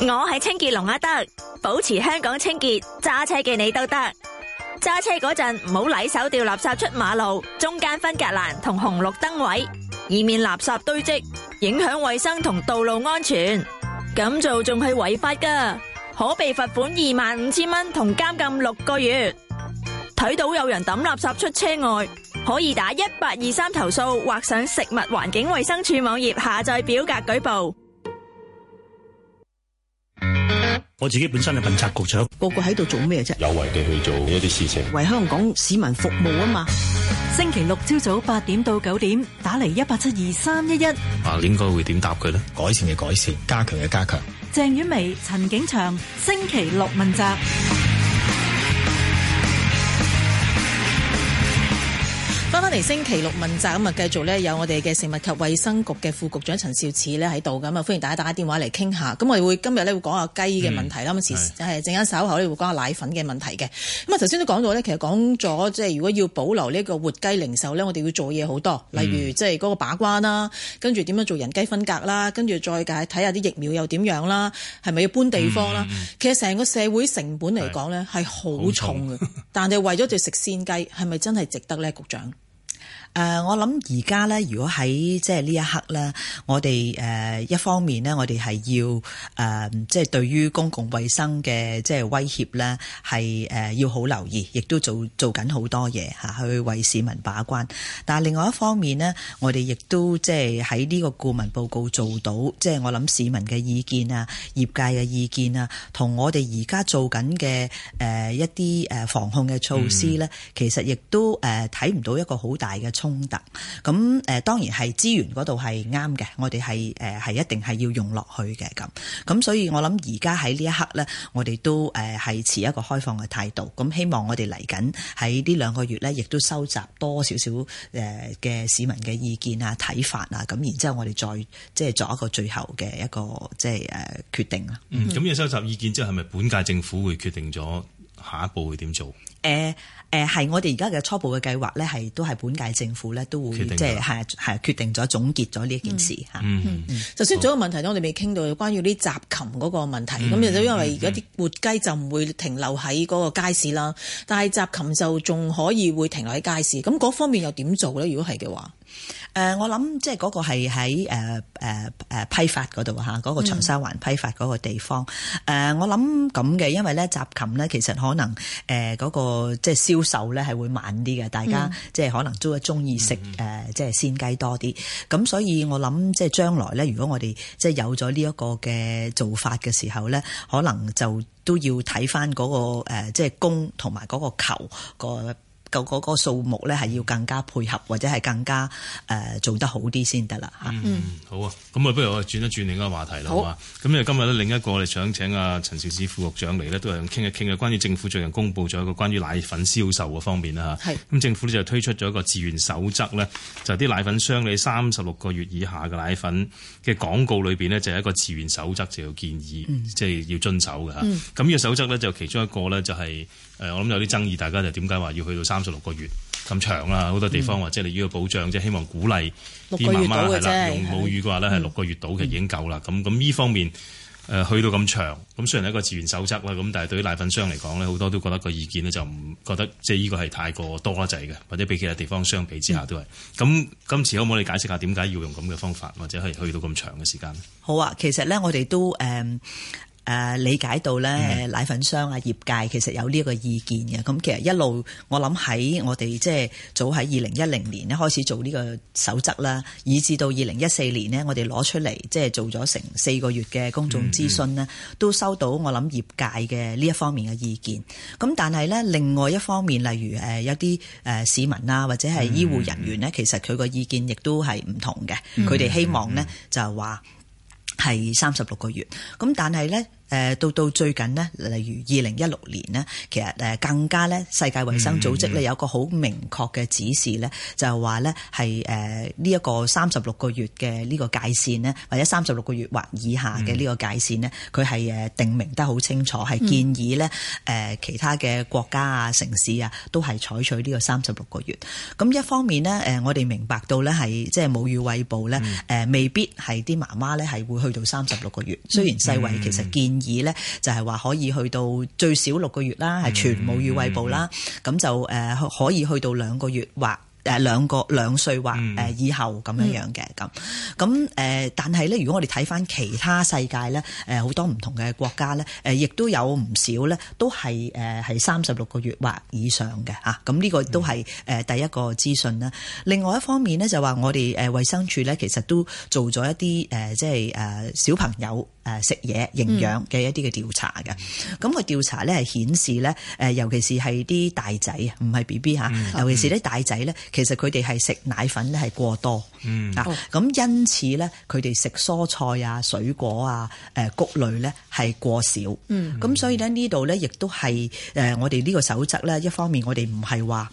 我係清潔龍阿德，保持香港清潔，揸車嘅你都得。揸車嗰陣唔好禮手掉垃圾出馬路，中間分隔欄同紅綠燈位。以免垃圾堆積，影響衛生同道路安全，咁做仲係違法噶，可被罰款二萬五千蚊同監禁六個月。睇到有人抌垃圾出車外，可以打一八二三投訴，或上食物環境衛生署網頁下載表格舉報。我自己本身係問責局長，個個喺度做咩啫？有為噉去做一啲事情，為香港市民服務啊嘛。星期六朝早八點到九點，打嚟一八七二三一一。啊，應該會點答佢咧？改善嘅改善，加強嘅加強。鄭婉薇、陳景祥，星期六問責。翻翻嚟星期六問責咁啊，繼續咧有我哋嘅食物及衛生局嘅副局長陳肇始咧喺度。咁啊，歡迎大家打電話嚟傾下。咁我哋會今日咧會講下雞嘅問題啦。咁、嗯、啊，係陣間稍後咧會講下奶粉嘅問題嘅。咁啊，頭先都講到咧，其實講咗即係如果要保留呢個活雞零售咧，我哋要做嘢好多，例如即係嗰個把關啦，跟住點樣做人雞分隔啦，跟住再睇下啲疫苗又點樣啦，係咪要搬地方啦、嗯？其實成個社會成本嚟講咧係好重嘅，重 但係為咗對食鮮雞係咪真係值得咧，局長？誒，我諗而家咧，如果喺即係呢一刻咧，我哋誒一方面呢，我哋係要誒，即係對於公共衛生嘅即係威脅咧，係誒要好留意，亦都做做緊好多嘢吓，去為市民把關。但係另外一方面呢，我哋亦都即係喺呢個顧問報告做到，即係我諗市民嘅意見啊、業界嘅意見啊，同我哋而家做緊嘅誒一啲誒防控嘅措施咧、嗯，其實亦都誒睇唔到一個好大嘅衝突，咁誒當然係資源嗰度係啱嘅，我哋係、呃、一定係要用落去嘅。咁咁所以我諗而家喺呢一刻咧，我哋都誒係持一個開放嘅態度。咁希望我哋嚟緊喺呢兩個月咧，亦都收集多少少誒嘅市民嘅意見啊、睇法啊。咁然之後我哋再即係作一個最後嘅一個即係誒決定啦。嗯，咁要收集意見之後係咪本屆政府會決定咗下一步會點做？呃誒係我哋而家嘅初步嘅計劃咧，係都係本屆政府咧都會即係係係決定咗總結咗呢一件事嚇、嗯嗯。嗯，首先仲有個問題我哋未傾到，關於啲雜禽嗰個問題。咁亦都因為而家啲活雞就唔會停留喺嗰個街市啦，但係雜禽就仲可以會停留喺街市。咁、嗯、嗰、嗯嗯、方面又點做咧？如果係嘅話？誒、呃，我諗即係嗰個係喺誒誒誒批發嗰度吓，嗰、那個長沙灣批發嗰個地方。誒、嗯呃，我諗咁嘅，因為咧雜禽咧其實可能誒嗰、呃那個即係銷售咧係會慢啲嘅，大家即係可能都係中意食誒即係鮮雞多啲。咁所以我諗即係將來咧，如果我哋即係有咗呢一個嘅做法嘅時候咧，可能就都要睇翻嗰個誒、呃、即係供同埋嗰個求。那個。夠嗰個，個數目咧，係要更加配合，或者係更加誒、呃、做得好啲先得啦。嗯，好啊，咁啊，不如我轉一轉另一個話題啦嘛。好，咁因為今日咧，另一個我哋想請阿、啊、陳肇始副局長嚟咧，都係傾嘅傾嘅，關於政府最近公布咗一個關於奶粉銷售嘅方面啦咁、啊、政府咧就推出咗一個自願守則咧，就啲、是、奶粉商喺三十六個月以下嘅奶粉嘅廣告裏面呢，就係、是、一個自願守則，就要建議，即、嗯、係、就是、要遵守㗎。咁、嗯、呢、啊、個守則咧，就其中一個咧，就係、是。誒，我諗有啲爭議，大家就點解話要去到三十六個月咁長啦，好多地方或即係你依個保障，即、嗯、係希望鼓勵啲媽媽係啦，用母乳嘅話呢係六個月到，嘅、嗯、已經夠啦。咁咁呢方面誒，去到咁長，咁雖然係一個自願守則啦，咁但係對於奶粉商嚟講呢，好多都覺得個意見呢就唔覺得，即係呢個係太過多劑嘅，或者比其他地方相比之下都係。咁今次可唔可以解釋下點解要用咁嘅方法，或者係去到咁長嘅時間呢？好啊，其實呢，我哋都、嗯誒、啊、理解到咧，奶、嗯、粉商啊，業界其實有呢一個意見嘅。咁其實一路，我諗喺我哋即係早喺二零一零年開始做呢個守則啦，以至到二零一四年呢，我哋攞出嚟即係做咗成四個月嘅公眾諮詢呢，都收到我諗業界嘅呢一方面嘅意見。咁但係咧，另外一方面，例如誒有啲誒市民啊，或者係醫護人員呢、嗯，其實佢個意見亦都係唔同嘅。佢、嗯、哋希望呢、嗯、就係話係三十六個月。咁但係咧。誒到到最近呢，例如二零一六年呢，其實更加咧，世界衛生組織咧有個好明確嘅指示咧、嗯嗯，就係話呢，咧係誒呢一個三十六個月嘅呢個界線呢，或者三十六個月或以下嘅呢個界線呢，佢係誒定明得好清楚，係、嗯、建議呢誒其他嘅國家啊、城市啊，都係採取呢個三十六個月。咁一方面呢，誒我哋明白到咧係即係母乳喂哺咧，誒、嗯、未必係啲媽媽咧係會去到三十六個月、嗯嗯，雖然世衛其實建議以咧就係、是、話可以去到最少六個月啦，係、mm -hmm. 全母乳餵哺啦，咁、mm -hmm. 就誒可以去到兩個月或。誒兩個兩歲或誒以後咁，嗯、樣樣嘅，咁咁但係咧，如果我哋睇返其他世界咧，誒、呃、好多唔同嘅國家咧，亦、呃、都有唔少咧，都係誒係三十六個月或以上嘅嚇。咁、啊、呢、這個都係誒、呃、第一個資訊啦。另外一方面咧，就話我哋誒衛生署咧，其實都做咗一啲誒、呃、即係誒、呃、小朋友誒食嘢營養嘅一啲嘅調查嘅。咁，嗯那個調查咧係顯示咧，尤其是係啲大仔唔係 B B 嚇，尤其是啲大仔咧。其實佢哋係食奶粉咧係過多，啊、嗯、咁因此咧佢哋食蔬菜啊、水果啊、誒穀類咧係過少，咁、嗯、所以咧呢度咧亦都係誒我哋呢個守則咧，一方面我哋唔係話。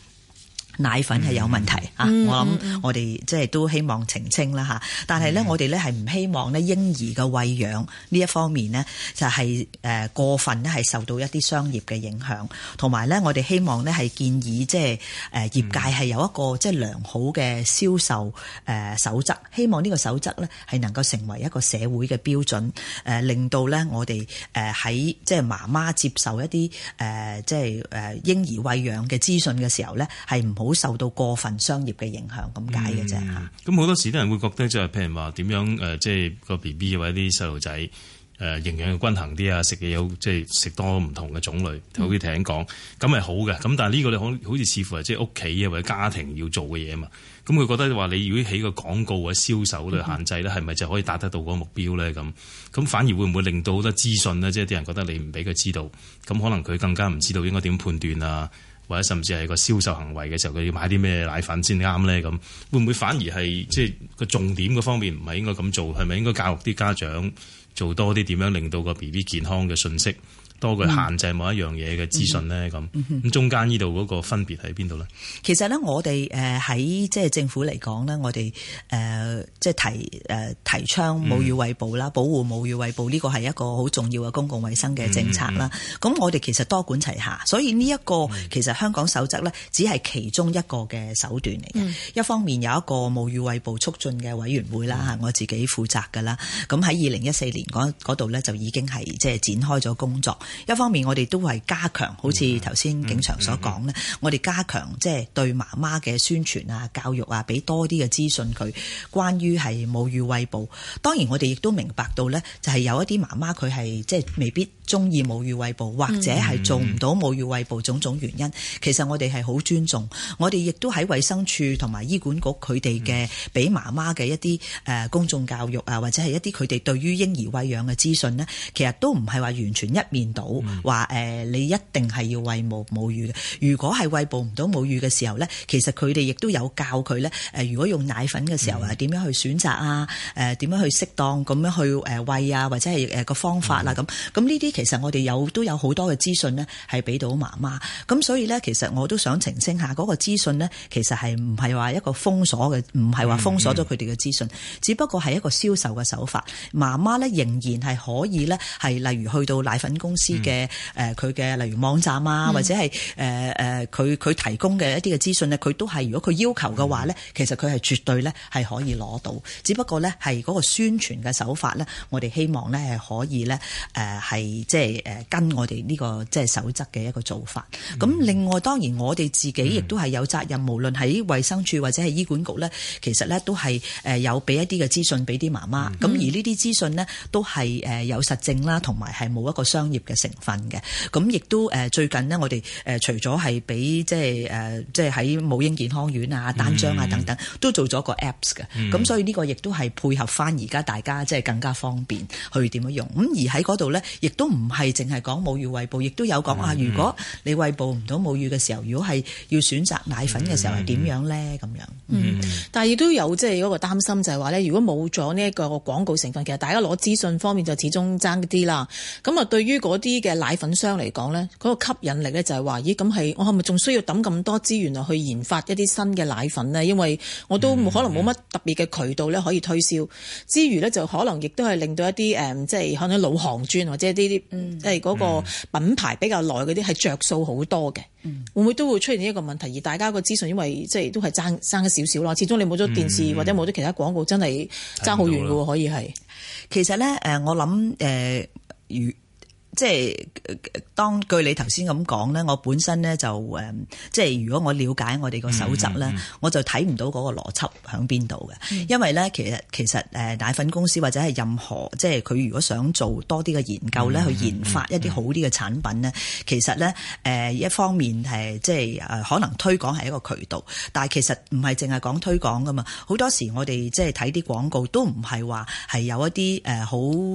奶粉係有問題啊、嗯！我諗我哋即係都希望澄清啦吓、嗯，但係咧我哋咧係唔希望咧嬰兒嘅餵養呢一方面咧就係、是、誒過分咧係受到一啲商業嘅影響，同埋咧我哋希望咧係建議即係誒業界係有一個即係良好嘅銷售誒守則、嗯，希望呢個守則咧係能夠成為一個社會嘅標準，誒令到咧我哋誒喺即係媽媽接受一啲誒即係誒嬰兒餵養嘅資訊嘅時候咧係唔好。好受到過分商業嘅影響咁解嘅啫嚇。咁、嗯、好多時啲人會覺得即係譬如話點樣誒、呃，即係個 B B 或者啲細路仔誒營養要均衡啲啊，食嘢有即係食多唔同嘅種類，嗯、說是好似聽講咁係好嘅。咁但係呢個你好似似乎係即係屋企啊或者家庭要做嘅嘢啊嘛。咁佢覺得話你如果起個廣告或者銷售去限制咧，係、嗯、咪就可以達得到嗰個目標咧？咁咁反而會唔會令到好多資訊呢？即係啲人覺得你唔俾佢知道，咁可能佢更加唔知道應該點判斷啊？或者甚至係個銷售行為嘅時候，佢要買啲咩奶粉先啱咧？咁會唔會反而係即係個重點嗰方面唔係應該咁做？係咪應該教育啲家長？做多啲點樣令到個 BB 健康嘅信息多過限制某一樣嘢嘅資訊咧，咁，咁、嗯嗯嗯、中間呢度嗰個分別喺邊度咧？其實咧，我哋誒喺即係政府嚟講咧，我哋誒即係提誒提倡母乳餵哺啦，保護母乳餵哺呢個係一個好重要嘅公共衞生嘅政策啦。咁、嗯、我哋其實多管齊下，所以呢一個其實香港守則咧，只係其中一個嘅手段嚟嘅、嗯。一方面有一個母乳餵哺促進嘅委員會啦，嚇、嗯、我自己負責㗎啦。咁喺二零一四年。嗰度咧就已經係即係展開咗工作。一方面我哋都係加強，好似頭先警長所講咧、嗯嗯嗯，我哋加強即係對媽媽嘅宣傳啊、教育啊，俾多啲嘅資訊佢。關於係母乳餵哺，當然我哋亦都明白到咧，就係、是、有一啲媽媽佢係即係未必。中意母乳餵哺，或者係做唔到母乳餵哺，種種原因，嗯嗯、其實我哋係好尊重。我哋亦都喺衛生署同埋醫管局佢哋嘅俾媽媽嘅一啲誒公眾教育啊，或者係一啲佢哋對於嬰兒餵養嘅資訊咧，其實都唔係話完全一面倒，話誒、呃、你一定係要餵母母乳嘅。如果係餵哺唔到母乳嘅時候咧，其實佢哋亦都有教佢咧誒如果用奶粉嘅時候啊點樣去選擇啊？誒點樣去適當咁樣去誒餵啊？或者係誒個方法啦咁。咁呢啲。其實我哋有都有好多嘅資訊呢，係俾到媽媽。咁所以呢，其實我都想澄清下，嗰、那個資訊呢，其實係唔係話一個封鎖嘅，唔係話封鎖咗佢哋嘅資訊，嗯嗯，只不過係一個銷售嘅手法。媽媽呢，仍然係可以呢，係例如去到奶粉公司嘅誒，佢、嗯、嘅、呃、例如網站啊，或者係誒佢佢提供嘅一啲嘅資訊呢，佢都係如果佢要求嘅話呢，嗯，其實佢係絕對呢，係可以攞到。只不過呢，係嗰個宣傳嘅手法呢，我哋希望呢，係可以呢。呃係即係誒跟我哋呢個即係守則嘅一個做法。咁、mm -hmm. 另外當然我哋自己亦都係有責任，mm -hmm. 無論喺衛生署或者係醫管局咧，其實咧都係誒有俾一啲嘅資訊俾啲媽媽。咁、mm -hmm. 而呢啲資訊咧都係誒有實證啦，同埋係冇一個商業嘅成分嘅。咁亦都誒最近咧，我哋誒除咗係俾即係誒即係喺母嬰健康院啊、單張啊等等，mm -hmm. 都做咗個 Apps 嘅。咁所以呢個亦都係配合翻而家大家即係、就是、更加方便去點樣用。咁而喺嗰度咧，亦都。唔係淨係講母乳餵哺，亦都有講啊！如果你餵哺唔到母乳嘅時候，如果係要選擇奶粉嘅時候係點樣咧？咁、嗯、樣，嗯，但係亦都有即係嗰個擔心就係話咧，如果冇咗呢一個廣告成分，其實大家攞資訊方面就始終爭啲啦。咁啊，對於嗰啲嘅奶粉商嚟講咧，嗰、嗰個吸引力咧就係話，咦？咁係我係咪仲需要抌咁多資源落去研發一啲新嘅奶粉呢？因為我都可能冇乜特別嘅渠道咧可以推銷，嗯嗯、之餘咧就可能亦都係令到一啲、嗯、即係可能老行尊或者一啲啲。嗯、即係嗰個品牌比較耐嗰啲係着數好多嘅，嗯，會唔會都會出現呢一個問題？而大家個資訊因為即係都係爭爭一少少咯，始終你冇咗電視、嗯、或者冇咗其他廣告，真係爭好遠噶，可以係。其實咧，誒，我諗誒、呃，如。即係當據你頭先咁講咧，我本身咧就誒，即係如果我了解我哋個守則咧、嗯嗯，我就睇唔到嗰個邏輯喺邊度嘅。因為咧，其實其實誒奶粉公司或者係任何即係佢如果想做多啲嘅研究咧，去研發一啲好啲嘅產品咧、嗯嗯嗯，其實咧誒一方面係即係誒可能推廣係一個渠道，但係其實唔係淨係講推廣噶嘛、呃。好多時我哋即係睇啲廣告都唔係話係有一啲誒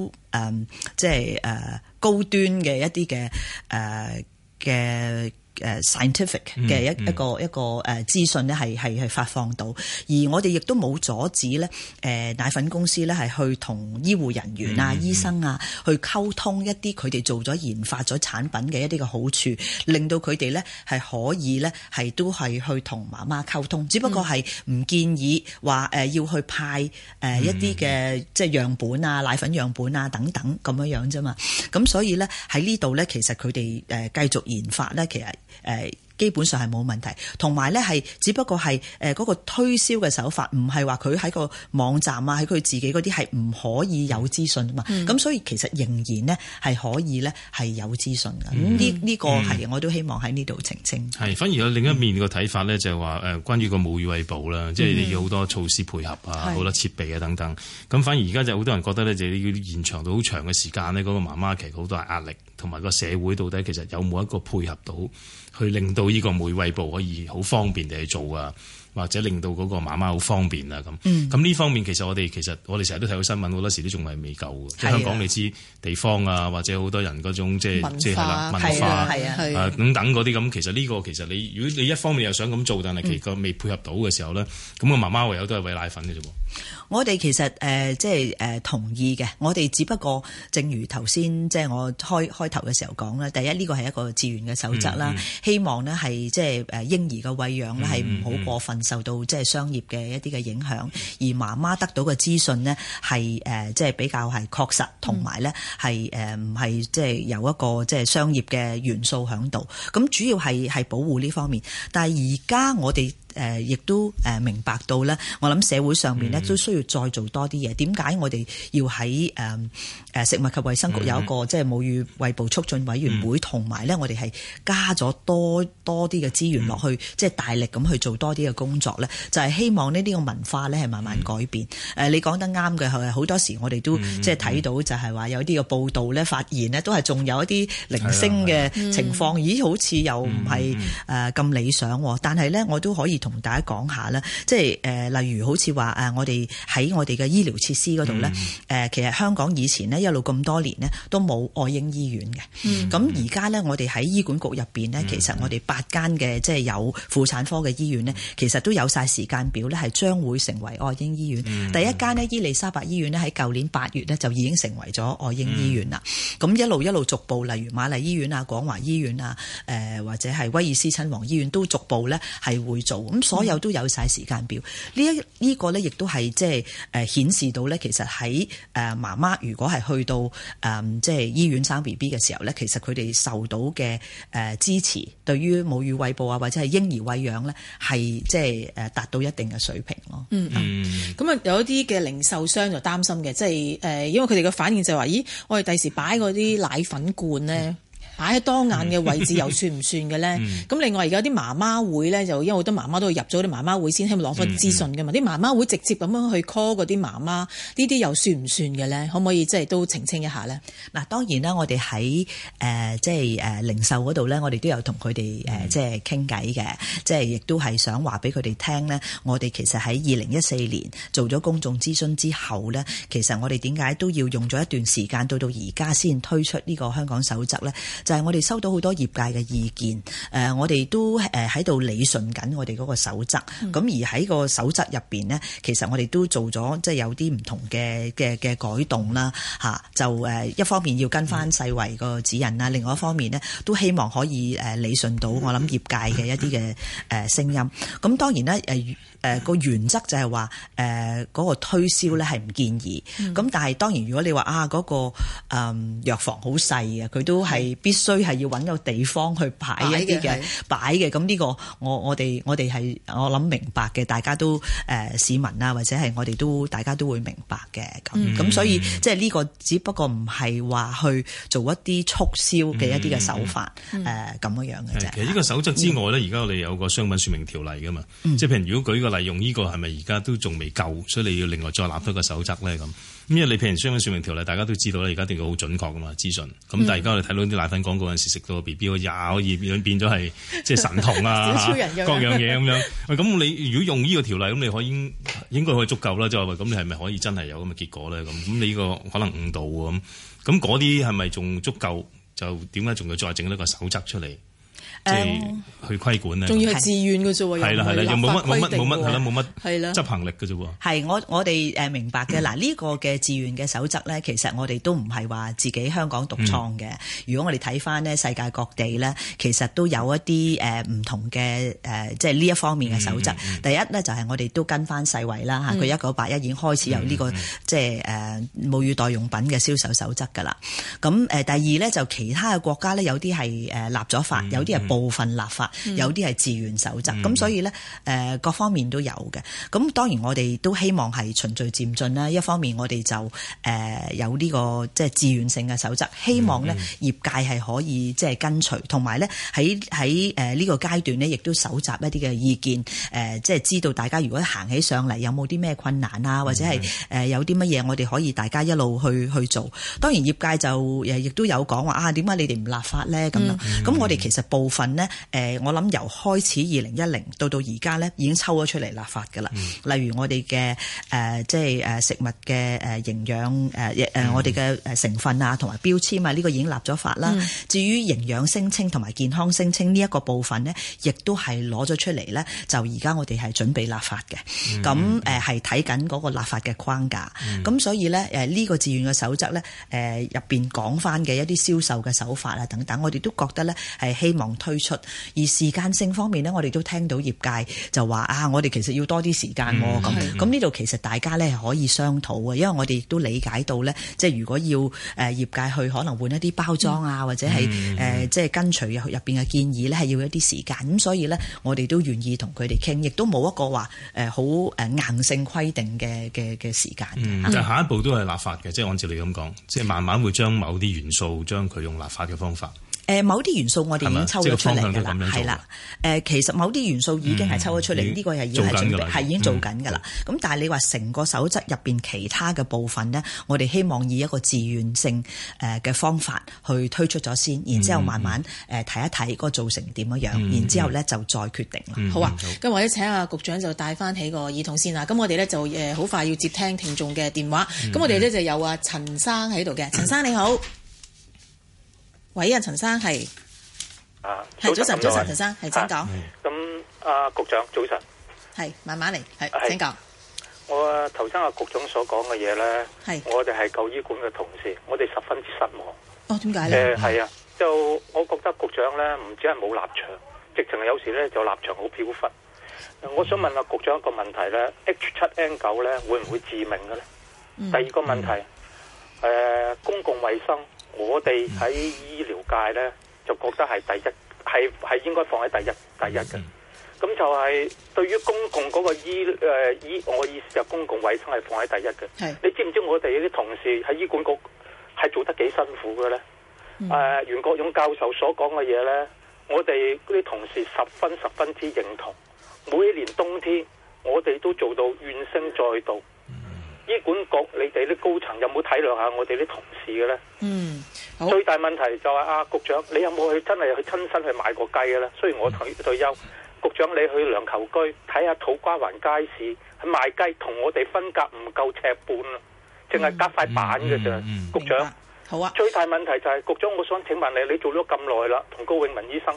好。誒，um，即係誒高端嘅一啲嘅誒嘅。Uh，的誒 scientific 嘅一一個一個誒資訊咧，係係係發放到，嗯嗯、而我哋亦都冇阻止咧。誒奶粉公司咧，係去同醫護人員啊、嗯嗯、醫生啊，去溝通一啲佢哋做咗研發咗產品嘅一啲嘅好處，令到佢哋咧係可以咧係都係去同媽媽溝通，只不過係唔建議話誒要去派誒一啲嘅即係樣本啊、嗯嗯、奶粉樣本啊等等咁樣樣啫嘛。咁所以咧喺呢度咧，其實佢哋誒繼續研發咧，其實。誒基本上係冇問題，同埋呢係只不過係誒嗰個推銷嘅手法，唔係話佢喺個網站啊，喺佢自己嗰啲係唔可以有資訊啊嘛。咁、嗯、所以其實仍然呢係可以呢係有資訊嘅。呢、嗯、呢、呢個係、嗯、我都希望喺呢度澄清。係反而有另一面個睇法呢、嗯，就係話誒關於個母乳餵哺啦，即係你要好多措施配合啊，好多設備啊等等。咁反而而家就好多人覺得呢，就你要延長到好長嘅時間呢。嗰、嗰個媽媽其實好大壓力。同埋個社會到底其實有冇一個配合到，去令到呢個每位部可以好方便地去做啊？或者令到嗰個媽媽好方便啊咁，咁呢、嗯、方面其實我哋其實我哋成日都睇到新聞，好多時都仲係未夠嘅。即香港你知地方啊，或者好多人嗰種即即係啦文化，係啊係啊，等等嗰啲咁。其實呢、這個其實你如果你一方面又想咁做，但係其實未配合到嘅時候咧，咁、嗯、個媽媽唯有都係喂奶粉嘅啫喎。我哋其實誒即係誒同意嘅，我哋只不過正如頭先即係我開開頭嘅時候講啦，第一呢個係一個自願嘅守則啦、嗯嗯，希望咧係即係誒嬰兒嘅餵養咧係唔好過分。嗯嗯嗯受到即係商業嘅一啲嘅影響，而媽媽得到嘅資訊呢，係誒，即係比較係確實，同埋呢，係誒唔係即係有一個即係商業嘅元素喺度，咁主要係係保護呢方面。但係而家我哋。誒、呃，亦都誒明白到咧，我諗社會上面咧都需要再做多啲嘢。點解我哋要喺誒、嗯、食物及衛生局有一個、mm -hmm. 即係母乳餵哺促進委員會，同埋咧我哋係加咗多多啲嘅資源落去，mm -hmm. 即係大力咁去做多啲嘅工作咧，就係、是、希望呢啲嘅文化咧係慢慢改變。誒、mm -hmm. 啊，你講得啱嘅，係好多時我哋都即係睇到，就係話有啲嘅報道咧、發現呢都係仲有一啲零星嘅情況，mm -hmm. 咦？好似又唔係誒咁理想、啊。但係咧，我都可以。同大家講下啦，即係誒，例如好似話誒，我哋喺我哋嘅醫療設施嗰度咧，誒、嗯，其實香港以前呢一路咁多年呢都冇愛嬰醫院嘅。咁而家呢，我哋喺醫管局入面呢、嗯，其實我哋八間嘅即係有婦產科嘅醫院呢、嗯，其實都有晒時間表呢係將會成為愛嬰醫院。嗯、第一間呢，伊利沙伯醫院呢，喺舊年八月呢，就已經成為咗愛嬰醫院啦。咁、嗯、一路一路逐步，例如瑪麗醫院啊、廣華醫院啊、呃，或者係威爾斯親王醫院都逐步呢係會做。咁所有都有晒時間表，呢一呢個咧，亦都係即係誒顯示到咧，其實喺誒媽媽如果係去到誒即係醫院生 B B 嘅時候咧，其實佢哋受到嘅誒支持，對於母乳餵哺啊或者係嬰兒餵養咧，係即係誒達到一定嘅水平咯。嗯，咁、嗯、啊有啲嘅零售商就擔心嘅，即係誒，因為佢哋嘅反應就係、是、話，咦，我哋第時擺嗰啲奶粉罐咧。嗯擺喺當眼嘅位置 又算唔算嘅咧？咁 另外而家啲媽媽會咧，就因為好多媽媽都會入咗啲媽媽會先，希望攞翻資訊㗎嘛。啲 媽媽會直接咁樣去 call 嗰啲媽媽，呢啲又算唔算嘅咧？可唔可以即係都澄清一下咧？嗱，當然啦，我哋喺誒即係誒零售嗰度咧，我哋都有同佢哋誒即係傾偈嘅，即係亦都係想話俾佢哋聽咧。我哋其實喺二零一四年做咗公眾諮詢之後咧，其實我哋點解都要用咗一段時間，到到而家先推出呢個香港守則咧？就係、是、我哋收到好多業界嘅意見，誒，我哋都誒喺度理順緊我哋嗰個守則，咁、嗯、而喺個守則入邊呢，其實我哋都做咗即係有啲唔同嘅嘅嘅改動啦，嚇就誒一方面要跟翻世衞個指引啦、嗯，另外一方面呢，都希望可以誒理順到我諗業界嘅一啲嘅誒聲音。咁 當然咧誒誒個原則就係話誒嗰個推銷咧係唔建議，咁、嗯、但係當然如果你話啊嗰、那個誒、嗯、藥房好細嘅，佢都係必須需係要揾個地方去擺一啲嘅擺嘅，咁呢個我我哋我哋係我諗明白嘅，大家都誒、呃、市民啊，或者係我哋都大家都會明白嘅咁。咁、嗯、所以即係呢個只不過唔係話去做一啲促銷嘅一啲嘅手法誒咁、嗯呃嗯、樣嘅啫。其實呢個守則之外咧，而、嗯、家我哋有個商品説明條例噶嘛，即、嗯、係譬如如果舉個例用呢個係咪而家都仲未夠，所以你要另外再立多個守則咧咁。因為你譬如商品説明條例，大家都知道咧，而家一定要好準確噶嘛，資訊。咁但係而家我哋睇到啲奶粉廣告嗰陣時，食、嗯、到個 B B，又可以變咗係即係神童啊， 各樣嘢咁樣。咁 你如果用呢個條例，咁你可以應該可以足夠啦。即係話咁，你係咪可以真係有咁嘅結果咧？咁咁你呢個可能誤導咁。咁嗰啲係咪仲足夠？就點解仲要再整呢個守則出嚟？去規管咧，仲、嗯、要係自願嘅啫喎，又冇乜，冇乜，立法規定喎，係啦，執行力嘅啫喎。係我我哋誒明白嘅，嗱呢、 呢個嘅自願嘅守則咧，其實我哋都唔係話自己香港獨創嘅、嗯。如果我哋睇翻呢，世界各地咧，其實都有一啲誒唔同嘅誒，即係呢一方面嘅守則。嗯嗯、第一咧就係、係、我哋都跟翻世衞啦嚇，佢一九八一已經開始有呢、呢個、嗯嗯、即係誒母乳代用品嘅銷售守，守則㗎啦。咁誒第二咧就其他嘅國家咧有啲係誒立咗法，嗯、有啲人。部分立法有啲係自願守則，咁、嗯、所以咧誒各方面都有嘅。咁當然我哋都希望係循序漸進啦。一方面我哋就誒有呢個即係自願性嘅守則，希望咧業界係可以即係跟隨同埋咧喺喺誒呢個階段咧，亦都搜集一啲嘅意見誒即係知道大家如果行起上嚟有冇啲咩困難啊，或者係誒有啲乜嘢我哋可以大家一路去去做。當然業界就誒亦都有講話啊，點解你哋唔立法咧咁樣？咁我哋其實部分。份咧，誒，我諗由開始二零一零到到而家咧，已經抽咗出嚟立法㗎喇。例如我哋嘅誒，即係誒食物嘅誒營養誒誒，我哋嘅誒成分啊，同埋標籤啊，呢個已經立咗法啦。至於營養聲稱同埋健康聲稱呢一個部分呢，亦都係攞咗出嚟呢。就而家我哋係準備立法嘅。咁誒係睇緊嗰個立法嘅框架。咁所以呢，誒呢個自願嘅守則呢，誒入邊講返嘅一啲銷售嘅手法啊等等，我哋都覺得呢係希望推。推出而時間性方面呢，我哋都聽到業界就話啊，我哋其實要多啲時間喎咁。咁呢度其實大家咧係可以商討嘅，因為我哋亦都理解到咧，即係如果要誒業界去可能換一啲包裝啊、嗯，或者係即係、呃嗯、跟隨入面嘅建議咧，係要一啲時間。咁所以咧，我哋都願意同佢哋傾，亦都冇一個話好誒硬性規定嘅嘅嘅時間。就、嗯嗯、下一步都係立法嘅，即係按照你咁講，即係慢慢會將某啲元素將佢用立法嘅方法。誒、呃、某啲元素我哋已經抽咗出嚟㗎啦，啦、呃。其實某啲元素已經係抽咗出嚟，呢、嗯這個又已經係準備，係已經做緊㗎啦。咁、嗯、但係你話成個守則入面其他嘅部分呢、嗯，我哋希望以一個自願性嘅方法去推出咗先，然之後慢慢誒睇一睇個做成點樣樣，然之後咧、嗯、就再決定啦、嗯嗯。好啊，咁我哋請阿局長就帶翻起個耳筒先啦。咁我哋咧就好快要接聽聽眾嘅電話。咁、嗯、我哋咧就有阿陳生喺度嘅，陳、嗯、生你好。喂啊陳生係，陳生係，啊係早晨，早晨，陳生係，請講。咁阿局長早晨，係慢慢嚟，係請講。我頭先阿局長所講嘅嘢咧，係我哋係舊醫館嘅同事，我哋十分之失望。哦，點解咧？誒、呃，係啊，就我覺得局長咧，唔止係冇立場，直情有時咧就立場好飄忽。我想問阿局長一個問題咧，H7N9 咧會唔會致命嘅咧、嗯？第二個問題，誒、嗯嗯呃，公共衛生。我哋喺醫療界呢，就覺得係第一，係係應該放喺第一、第一嘅。咁就係對於公共嗰個醫誒、呃，我意思就公共衞生係放喺第一嘅。你知唔知我哋啲同事喺醫管局係做得幾辛苦嘅呢？誒、嗯呃，袁國勇教授所講嘅嘢呢，我哋嗰啲同事十分十分之認同。每一年冬天，我哋都做到怨聲載道。醫管局，你哋啲高層有冇體諒下我哋啲同事嘅呢？嗯，最大問題就係、是、啊，局長，你有冇去真係去親身去買過雞嘅呢？雖然我退退休、嗯，局長你去梁球居睇下土瓜灣街市，去賣雞同我哋分隔唔夠尺半啊，淨係隔塊板嘅啫，局、嗯、長、嗯嗯。好啊，最大問題就係、是、局長，我想請問你，你做咗咁耐啦，同高永文醫生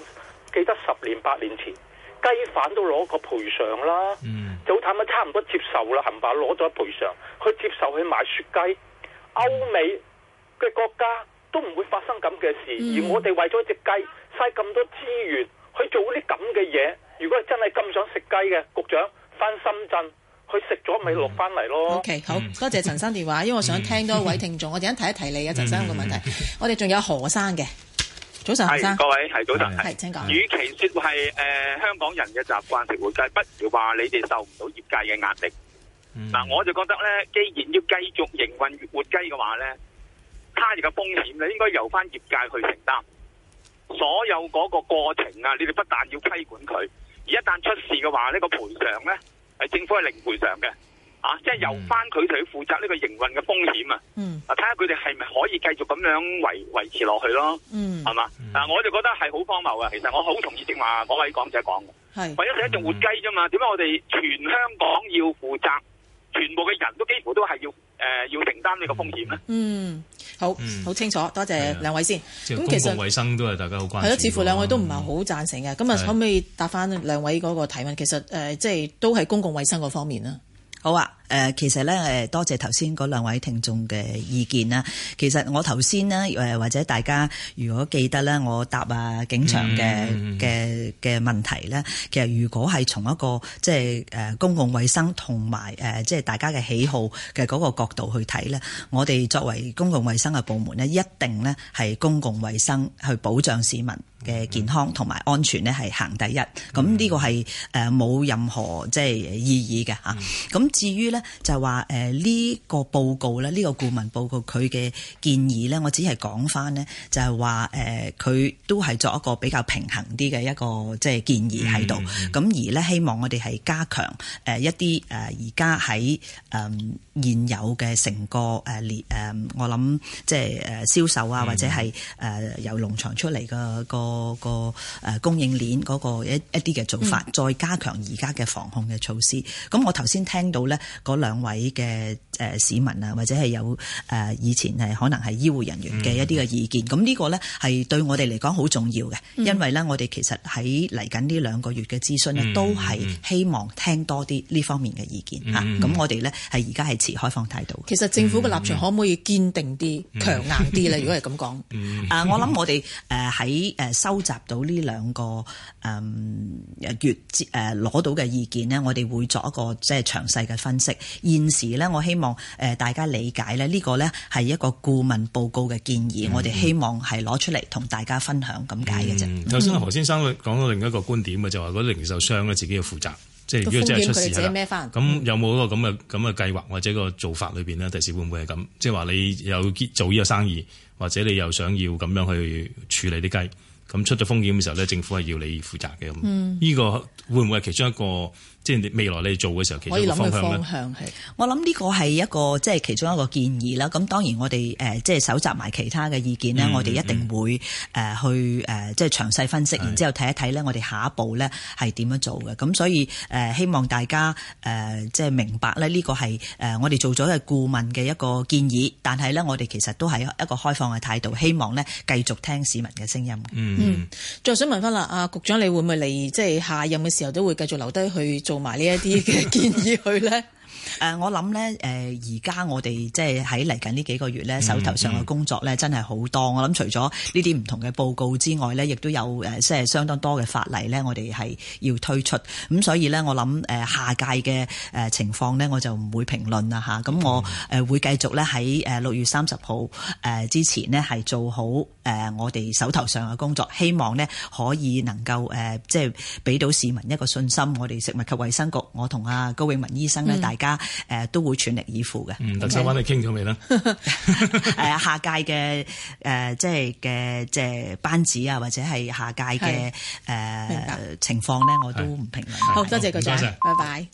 記得十年八年前。雞販都攞個賠償啦，早淡都差唔多接受啦，冚巴唥攞咗賠償，去接受去賣雪雞。歐美嘅國家都唔會發生咁嘅事、嗯，而我哋為咗隻雞嘥咁多資源去做啲咁嘅嘢，如果真係咁想食雞嘅，局長翻深圳去食咗咪落翻嚟咯。OK，好多謝,謝陳生電話，因為我想聽多一位聽眾，嗯、我陣間提一提你啊、嗯，陳生個問題，嗯、我哋仲有何生嘅。早晨，各位係早晨，係請講。與其說係誒香港人嘅習慣食活雞，不如話你哋受唔到業界嘅壓力。嗱、嗯啊，我就覺得咧，既然要繼續營運活雞嘅話咧，差異嘅風險咧應該由翻業界去承擔。所有嗰個過程啊，你哋不但要規管佢，而一旦出事嘅話，呢、那個賠償咧，係政府係零賠償嘅。啊！即、就、係、是、由翻佢哋負責呢個營運嘅風險啊，嗯、啊，睇下佢哋係咪可以繼續咁樣維維持落去咯？嗯，係嘛、嗯？啊，我就覺得係好荒謬啊。其實我好同意正話嗰位講者講，係為咗食一隻活雞啫嘛。點、嗯、解我哋全香港要負責全部嘅人都幾乎都係要誒、呃、要承擔呢個風險咧？嗯，好，好、嗯、清楚，多謝兩位先。咁其實，公共衞生都係大家好關係咯。似乎兩位都唔係好贊成嘅。咁啊，可唔可以答翻兩位嗰個提問？其實誒、呃，即係都係公共衞生嗰方面啊。好啊，誒，其實咧，誒，多謝頭先嗰兩位聽眾嘅意見啦。其實我頭先呢，誒，或者大家如果記得咧，我答啊警長嘅嘅嘅問題咧、嗯，其實如果係從一個即係誒公共衛生同埋誒即係大家嘅喜好嘅嗰個角度去睇咧，我哋作為公共衛生嘅部門咧，一定咧係公共衛生去保障市民。嘅健康同埋安全咧，係行第一。咁呢個係誒冇任何即係意義嘅吓。咁、mm -hmm. 至於咧就係話誒呢個報告咧，呢個顧問報告佢嘅建議咧，我只係講翻咧就係話誒佢都係作一個比較平衡啲嘅一個即係建議喺度。咁、mm -hmm. 而咧希望我哋係加強誒一啲誒而家喺誒現有嘅成個誒列，誒，我諗即係誒銷售啊或者係誒由農場出嚟嘅個。個個誒供應鏈嗰個一一啲嘅做法，再加強而家嘅防控嘅措施。咁我頭先聽到咧，嗰兩位嘅。誒、呃、市民啊，或者係有誒、呃、以前係可能係醫護人員嘅一啲嘅意見，咁、mm -hmm. 呢個咧係對我哋嚟講好重要嘅，mm -hmm. 因為咧我哋其實喺嚟緊呢兩個月嘅諮詢咧，mm -hmm. 都係希望聽多啲呢方面嘅意見吓，咁、mm -hmm. 啊、我哋咧係而家係持開放態度。其實政府嘅立場可唔可以堅定啲、強、mm -hmm. 硬啲咧？如果係咁講，啊，我諗我哋誒喺誒收集到呢兩個誒月誒攞到嘅意見咧，我哋會作一個即係詳細嘅分析。現時咧，我希望。希望誒，大家理解咧，呢個呢係一個顧問報告嘅建議，嗯、我哋希望係攞出嚟同大家分享咁解嘅啫。頭先何先生講到另一個觀點嘅、嗯，就話嗰啲零售商咧自己要負責，即係如果真係出事啦。咁、嗯、有冇一個咁嘅咁嘅計劃或者個做法裏邊呢？第時會唔會係咁？即係話你又做呢個生意，或者你又想要咁樣去處理啲雞，咁出咗風險嘅時候呢，政府係要你負責嘅咁。呢、嗯呢個會唔會係其中一個？即係未來你做嘅時候，其實可以諗嘅方向係我諗呢個係一個即係其中一個建議啦。咁當然我哋誒即係搜集埋其他嘅意見呢、嗯、我哋一定會誒去誒即係詳細分析，嗯、然之後睇一睇呢我哋下一步呢係點樣做嘅。咁所以誒、呃、希望大家誒、呃、即係明白咧，呢個係誒我哋做咗嘅顧問嘅一個建議。但係呢，我哋其實都係一個開放嘅態度，希望呢繼續聽市民嘅聲音。嗯，再、嗯、想問翻啦，阿局長你會唔會嚟即係下任嘅時候都會繼續留低去做？做埋呢一啲嘅建議去咧。誒、呃，我諗咧，誒而家我哋即係喺嚟緊呢幾個月咧、嗯，手頭上嘅工作咧真係好多。嗯嗯、我諗除咗呢啲唔同嘅報告之外咧，亦都有即係、呃、相當多嘅法例咧，我哋係要推出。咁所以咧，我諗誒、呃、下屆嘅誒情況咧，我就唔會評論啦嚇咁、嗯、我誒會繼續咧喺誒六月三十號誒之前呢，係做好誒我哋手頭上嘅工作，希望呢可以能夠誒、呃，即係俾到市民一個信心。我哋食物及衛生局，我同阿高永文醫生咧、嗯，大家。誒、呃，都會全力以赴嘅。嗯，鄧生，搵你傾咗未咧？下屆嘅誒，即係嘅即係班子啊，或者係下屆嘅誒情況咧，我都唔評論。好，多謝各位，拜拜。